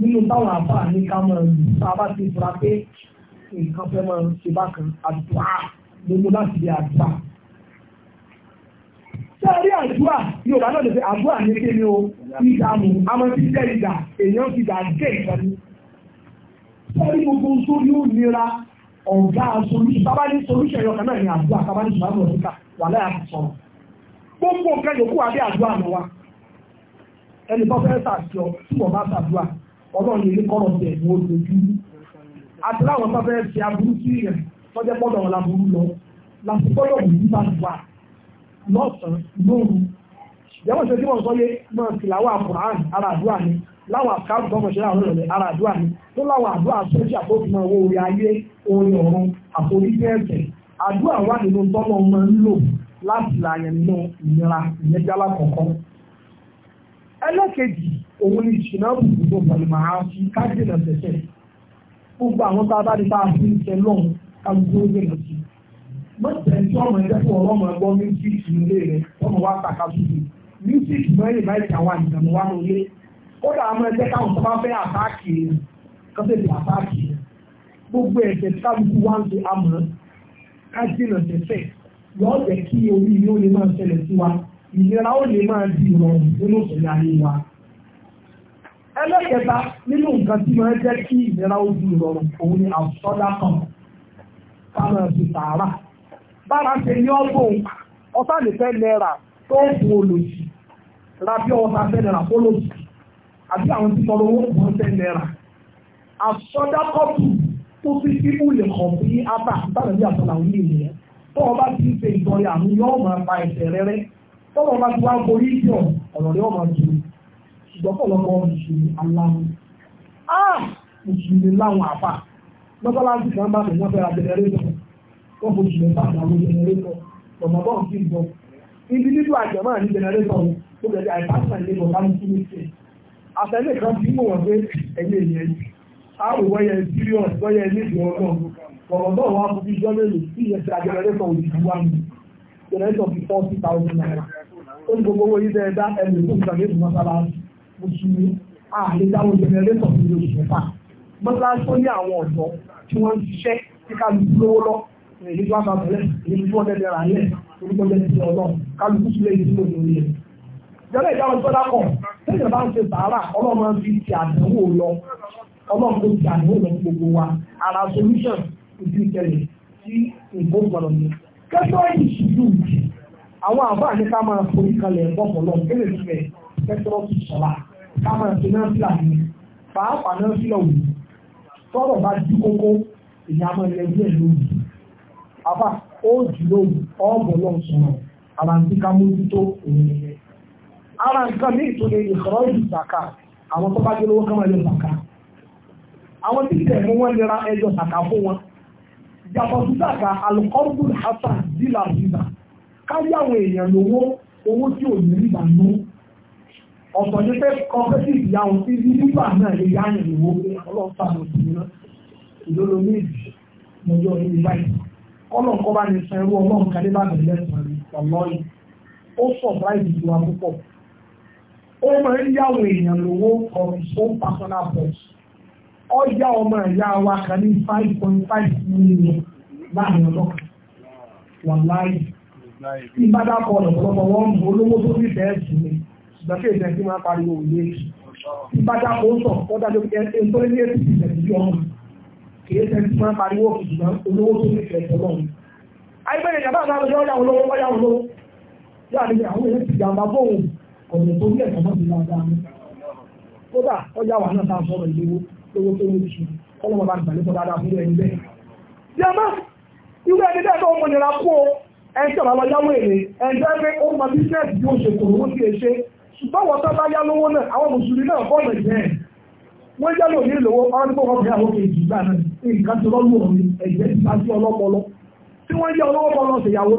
nínú táwọn àbá ní ká máa lù tá a bá ti fura pé nǹkan fẹ́ máa ṣe bákan àdúrà ló mú láti di àdúrà. Sẹ́ẹ̀rí àdúrà Yorùbá náà lè fi àdúrà ní kí ni o ìdààmú amọ̀tí jẹ́ ìdà èèyàn ti dà gé ìkànnì. Sẹ́ẹ̀rí gbogbo tó yóò nira ọ̀gá solúṣẹ̀ bábá ní solúṣẹ̀ ẹ̀yọ kan náà ní àdúrà bábá ní sùmárù ọ̀dúnkà wà láyà kò sọ̀rọ̀. Gbogbo nǹkan yòókù wà bí àdúrà lọ wa. Ẹni bọ́ fẹ́ sàdúrà tí wọ́n bá sàdúrà ọlọ́run ilé kọ́rọ̀ tẹ̀ ní ojú àti láwọn sábẹ́ ṣe aburú sí rẹ̀ tọ́jẹ́ pọ́dọ̀ wọn laburú lọ làtúgbọ́dọ̀ wù ní bá wà lọ́sàn-án lóru ìjẹ́wọ́n ṣe tí wọ́n sọ yé máa fi làwọn àkùrán ara àdúrà ni láwọn àkàrù tó kọ̀ṣẹ́ àwọn ìrọ̀lẹ́ ara àdúrà ni tó láwọn àdúrà sọ́jà àkókò náà owó orí ayé orin ọ̀run àforíjì ẹ̀ṣẹ̀ àdúrà wà nínú tọ́lọ́ máa ń lò láti làyàn nínú ìnira ìyẹn jálá kọ̀ọ̀kan ẹlẹ́kejì òun ni ìṣìnà gbogbo pẹ̀lú àwọn fi kájìnà tẹ̀tẹ̀ gbogbo àwọn tá a bá ní bá a fi ń tẹ lọ́hùn ká gbogbo ó gbẹ̀nà sí i mọ̀tẹ́ tí ọmọ ẹgbẹ́ fún ọlọ́mọ ẹgbọ́ mísíkì nílé rẹ̀ ọmọ wa kàkà tuntun mísíkì mẹ́rin máa ń tẹ àwọn àjùmọ̀ wa nílé kódà àwọn ẹgbẹ́ káwọn tó bá fẹ́ àtáàkì rẹ̀ kọ́sẹ̀ lè àtáàkì rẹ̀ gbogbo ẹ̀sẹ̀ kálukú wa ìlera ó lè máa di ìrọ̀rùn nínú òṣèlú wa ẹlẹ́kẹta nínú nǹkan tí máa jẹ́ kí ìlera ó di ìrọ̀rùn òun ni kan ti tààrà bára ṣe ní ọgbọ̀n ọ̀sán lè fẹ́ náírà tó ń fún olòṣì fẹ́ kó àbí àwọn tí tọrọ owó kan fẹ́ tó fi kọ̀ bí bára bí tọ́wọ́ bá ti wá borí ìjọ ọ̀rọ̀ rẹ̀ ọ̀rọ̀ jù ìgbọ́pọ̀lọpọ̀ mùsùlùmí aláwọ̀ áà ah! mùsùlùmí láwọn àpá mọ́tọ́láńtì kan bá mi wọ́n fẹ́ ra jẹnẹrétọ̀ wọ́n fojú lè bá àwọn jẹnẹrétọ̀ ọ̀mọ̀bọ́n sì ń bọ̀ individu àjọmọ́ àní jẹnẹrétọ̀ tó bẹ̀rẹ̀ àìpásílẹ̀ ilé bọ̀ láti kí ní ṣe àtẹ̀lé kan tí mò wọ́n pé ẹ̀yìn èèyàn yìí àwọn wọ́yẹ serious wọ́yẹ níbi ọlọ́run ọ̀mọ̀bọ́n wọn fojú jọ́ mélòó sí ìyẹn ti àjẹnẹrétọ̀ òdìdí wa ní jẹnẹrétọ̀ fi fọ́ọ̀tì táwọn náírà ó ní gbogbo owó yìí tẹ́ ẹ dá ẹnu ìlú ìgbàgbé ìlú mọ́sálásí oṣù mi àlè dáwọn jẹnẹrétọ̀ ní oṣù mẹ́fà mọ́sálásí ó ní àwọn ọ̀dọ́ tí wọ́n ń ṣiṣẹ́ kí kálukú lówó lọ èyí tó wá bá bẹ̀rẹ̀ èyí tó wọ́n tẹ́ tẹ́ra lẹ̀ orúkọ jẹ́ ti ọlọ́run kálukú sílẹ̀ yìí tó lórí ẹ̀. jẹ́lẹ̀ ìjáwó sọ́dá kọ̀ tẹ́lẹ̀ bá ń ṣe sàárà ọlọ́run fi ti àdánwò lọ ọlọ́run tó ti àdánwò lọ àwọn àbáà ní ká máa forí kalẹ̀ bọ́pọ̀lọ́ kílè sílẹ̀ pẹ́tọ́ọ̀tù sọ̀la ká máa fi náà sílà ní pàápàá náà sílẹ̀ òní tọ́rọ̀ bá dí kókó ìyá máa lẹ díẹ̀ lónìí àbá ó jù lóru ọ̀bọ̀ lọ́n sọ̀rọ̀ ara ń tí ká mójútó òun nìyẹn ara nǹkan ní ìtòlè ìkọ̀rọ̀ ìlú sàkà àwọn tó bá dé lówó ká máa lè sàkà àwọn tí kìtẹ̀ lera ẹjọ́ sàkà fún wọn yàtọ̀ sí sàkà alukọ́rùbù hasan dìlà rìbà kárí àwọn èèyàn lówó owó tí ò ní nú ọ̀sọ̀ ní pé náà lè yá àyàn lówó méjì ní ìgbà bá ní san irú ọlọ́ọ̀ká ní bá bẹ̀rẹ̀ lẹ́sàn-án ọlọ́ọ̀yìn ó sọ̀ráìdì ìjọba púpọ̀ ó máa ń yá àwọn èèyàn lówó from ìbádá kọ ọ̀nà ọ̀pọ̀lọpọ̀ wọn mú olówó tó ní bẹ́ẹ̀ sí ni ṣùgbọ́n kí èdè ẹ̀sìn máa pariwo òye ìbádá kọ ó sọ kọ́ dájú pé ẹni tó lé ní èsì ìṣẹ̀lẹ̀ ọmọ kì í ṣẹ́ni máa pariwo ṣùgbọ́n olówó tó ní bẹ́ẹ̀ sọ́lọ́ ayébẹ̀rẹ̀ ìjàmbá àti àwọn ọjà olówó ọjà olówó yóò àdébẹ̀ àwọn èèyàn ti jàmbá bóun ọ̀nà tó ní ẹ̀sán mọ́tò dáadáa ní kódà ọjà wà náà tá a sọ̀rọ̀ ìléwó lówó tó ní ìṣù kọ́lọ́mọba ìgbàlẹ́kọ̀ọ́ dáadáa fún ẹni bẹ́ẹ̀. jẹ́ bá irú ẹni bẹ́ẹ̀ tó ń mọ̀nira kú o ẹjọ́ bá lọ yáwó èrè ẹjọ́ mọ bí ó ṣe kò lówó sí ẹṣẹ́ ṣùgbọ́n wọ́n tó bá yá lówó náà àwọn mùsùlùmí náà bọ́ ọ̀nà wọ́n jẹ́ lówó ọ̀rọ̀ nípa ọkọ̀ ìyàwó kejì gbà náà nǹkan tó ẹ̀jẹ̀ sí ọlọ́pọlọ tí wọ́n jẹ́ olówó bọ́ lọ́sẹ̀ ìyàwó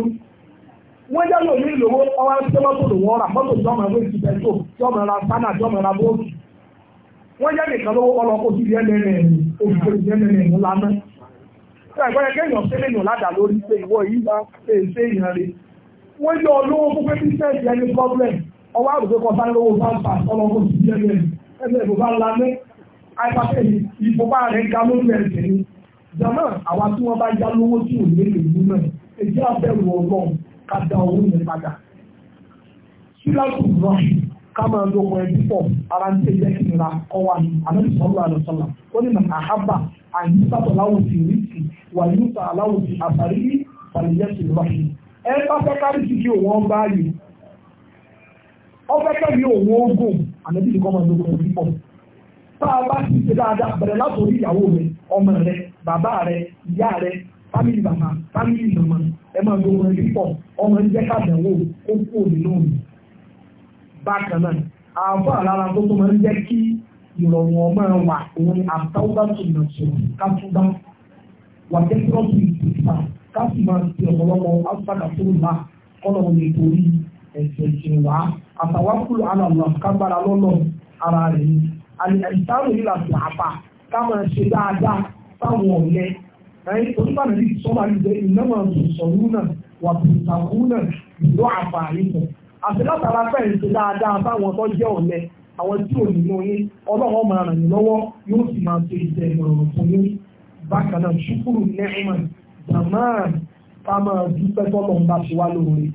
wọ́n jẹ́ lówó ọwọ́ Ẹgbẹ́rẹ́ kéèyàn ṣe lèyàn ládà lórí pé ìwọ yìí bá ṣe ṣe ìyàn rẹ̀. Wọ́n yọ olówó fún pé ẹni problem. Ọwọ́ àrùn pé kọta lówó bá ń pa ọlọ́mọ sí ẹgbẹ́ ẹgbẹ́ ìbò bá ńlá ní àìpàṣẹ ìbò bá rẹ̀ ga lórí ẹ̀sẹ̀ ni. Jọ̀mọ́ àwa tí wọ́n bá já lówó tí ò lè lè mú náà, èyí àbẹ̀rù ọlọ́run ká da owó kama lóko ẹbí pọ̀ ara ń tẹ̀lé ìnira ọwà ní anábì sọ́lá àlọ́sọ́lá ó ní nà ọ a bá ti ṣe dáadáa bẹ̀rẹ̀ látòrí ìyàwó rẹ ọmọ rẹ bàbá rẹ ìyá rẹ fámìlì bàbá fámìlì màmá ẹ máa lóko ẹbí pọ̀ ọmọ bákan náà àwọn àlára tó tó máa ń jẹ́ kí ìrọ̀rùn ọmọ wa òun ni àtàwọn tó nà sọ kátúbá wà tẹ́tírọ́ sí ìpìlá káàsì máa ti ọ̀pọ̀lọpọ̀ áfíríkà tó ń bá kọ́nà òun ètò orí ẹ̀sẹ̀ ìṣẹ̀ wá àtàwọn kúrò àlàlọ́ kágbára lọ́lọ́ ara rẹ̀ ni àìsàn òní làtà àpà ká máa ṣe dáadáa táwọn ọ̀lẹ́ ẹ̀yìn onígbàdàn yìí sọ́wọ́ àlùjẹ́ ìnáwó àtúnṣọ̀rú náà wà àti látara fẹ́ẹ̀ ṣe dáadáa fáwọn tó jẹ́ ọ̀lẹ àwọn tí ò nínú yín ọlọ́run ọmọ ràn yín lọ́wọ́ yóò sì máa ṣe ìṣẹ́ ìrọ̀rùn fún yín bákan náà ṣùkúrù nẹ́ẹ̀mà jamaa ká máa dúpẹ́ tọ́lọ̀ ń bá ṣe wá lóore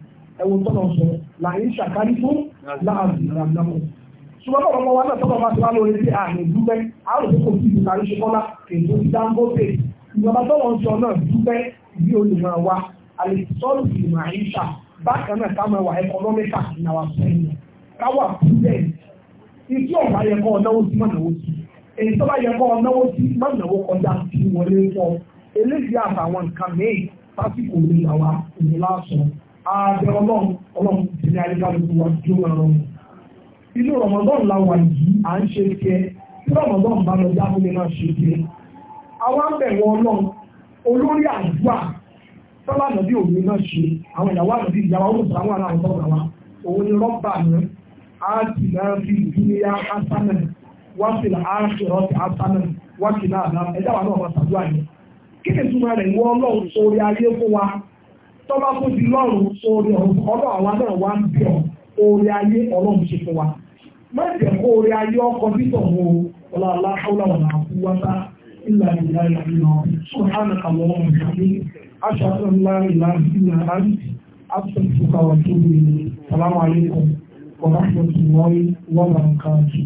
ẹ̀wọ̀n tọ́lọ̀ sọ làyín ṣàkárí fún láàbì ìrànlọ́wọ́ ṣùgbọ́n bọ̀ lọ́wọ́ wa náà tọ́lọ̀ máa ṣe wá lóore sí àmì dúpẹ́ àròkó kò sí ìdùnnà àríṣe kọ́lá kèdè Dangote ìjọba tọ́lọ̀ ń sọ náà dúpẹ́ bí olùmọ̀ wa àlè sọ́ọ̀lù ìmọ̀ àyíṣà bákan náà táwọn ẹwà ẹkọnọ́míkà ní àwọn sẹ́yìn káwà prudent ìdí ọ̀rọ̀ ayẹkọ ọ̀náwó sí mọ̀nàwó sí èyí tó bá yẹkọ ọ̀náwó sí mọ̀nàwó kọjá sí wọlé sọ eléyìí àtàwọn nǹkan ní àwa ìlú ààbẹ ọlọ́run ọlọ́run ti ní ayélujára inú sọ́lá nàbí òun náà ṣe àwọn ìyàwó àbí ìyàwó àwọn òṣèlú àwọn àwọn tọ́gbà wa òun ni rọ́bà ní áàtì náà fi dúníyà ásánà wá sí ààrẹ rọ́ọ̀tì ásánà wá sí náà náà ẹ̀dá wa náà wọ́n ṣàdúrà yẹn kí ni túmọ̀ rẹ̀ wọ́n lọ́rùn sórí ayé fún wa tọ́lá kó di lọ́rùn sórí ọ̀dọ̀ àwa náà wá ń bí ọ orí ayé ọlọ́run ṣe fún wa má jẹ́ kó orí ayé ọkọ̀ bí tọ̀ إلا بالله العلم سبحانك اللهم وبحمدك أشهد أن لا إله إلا أنت أستغفرك وأتوب إليك السلام عليكم ورحمة الله وبركاته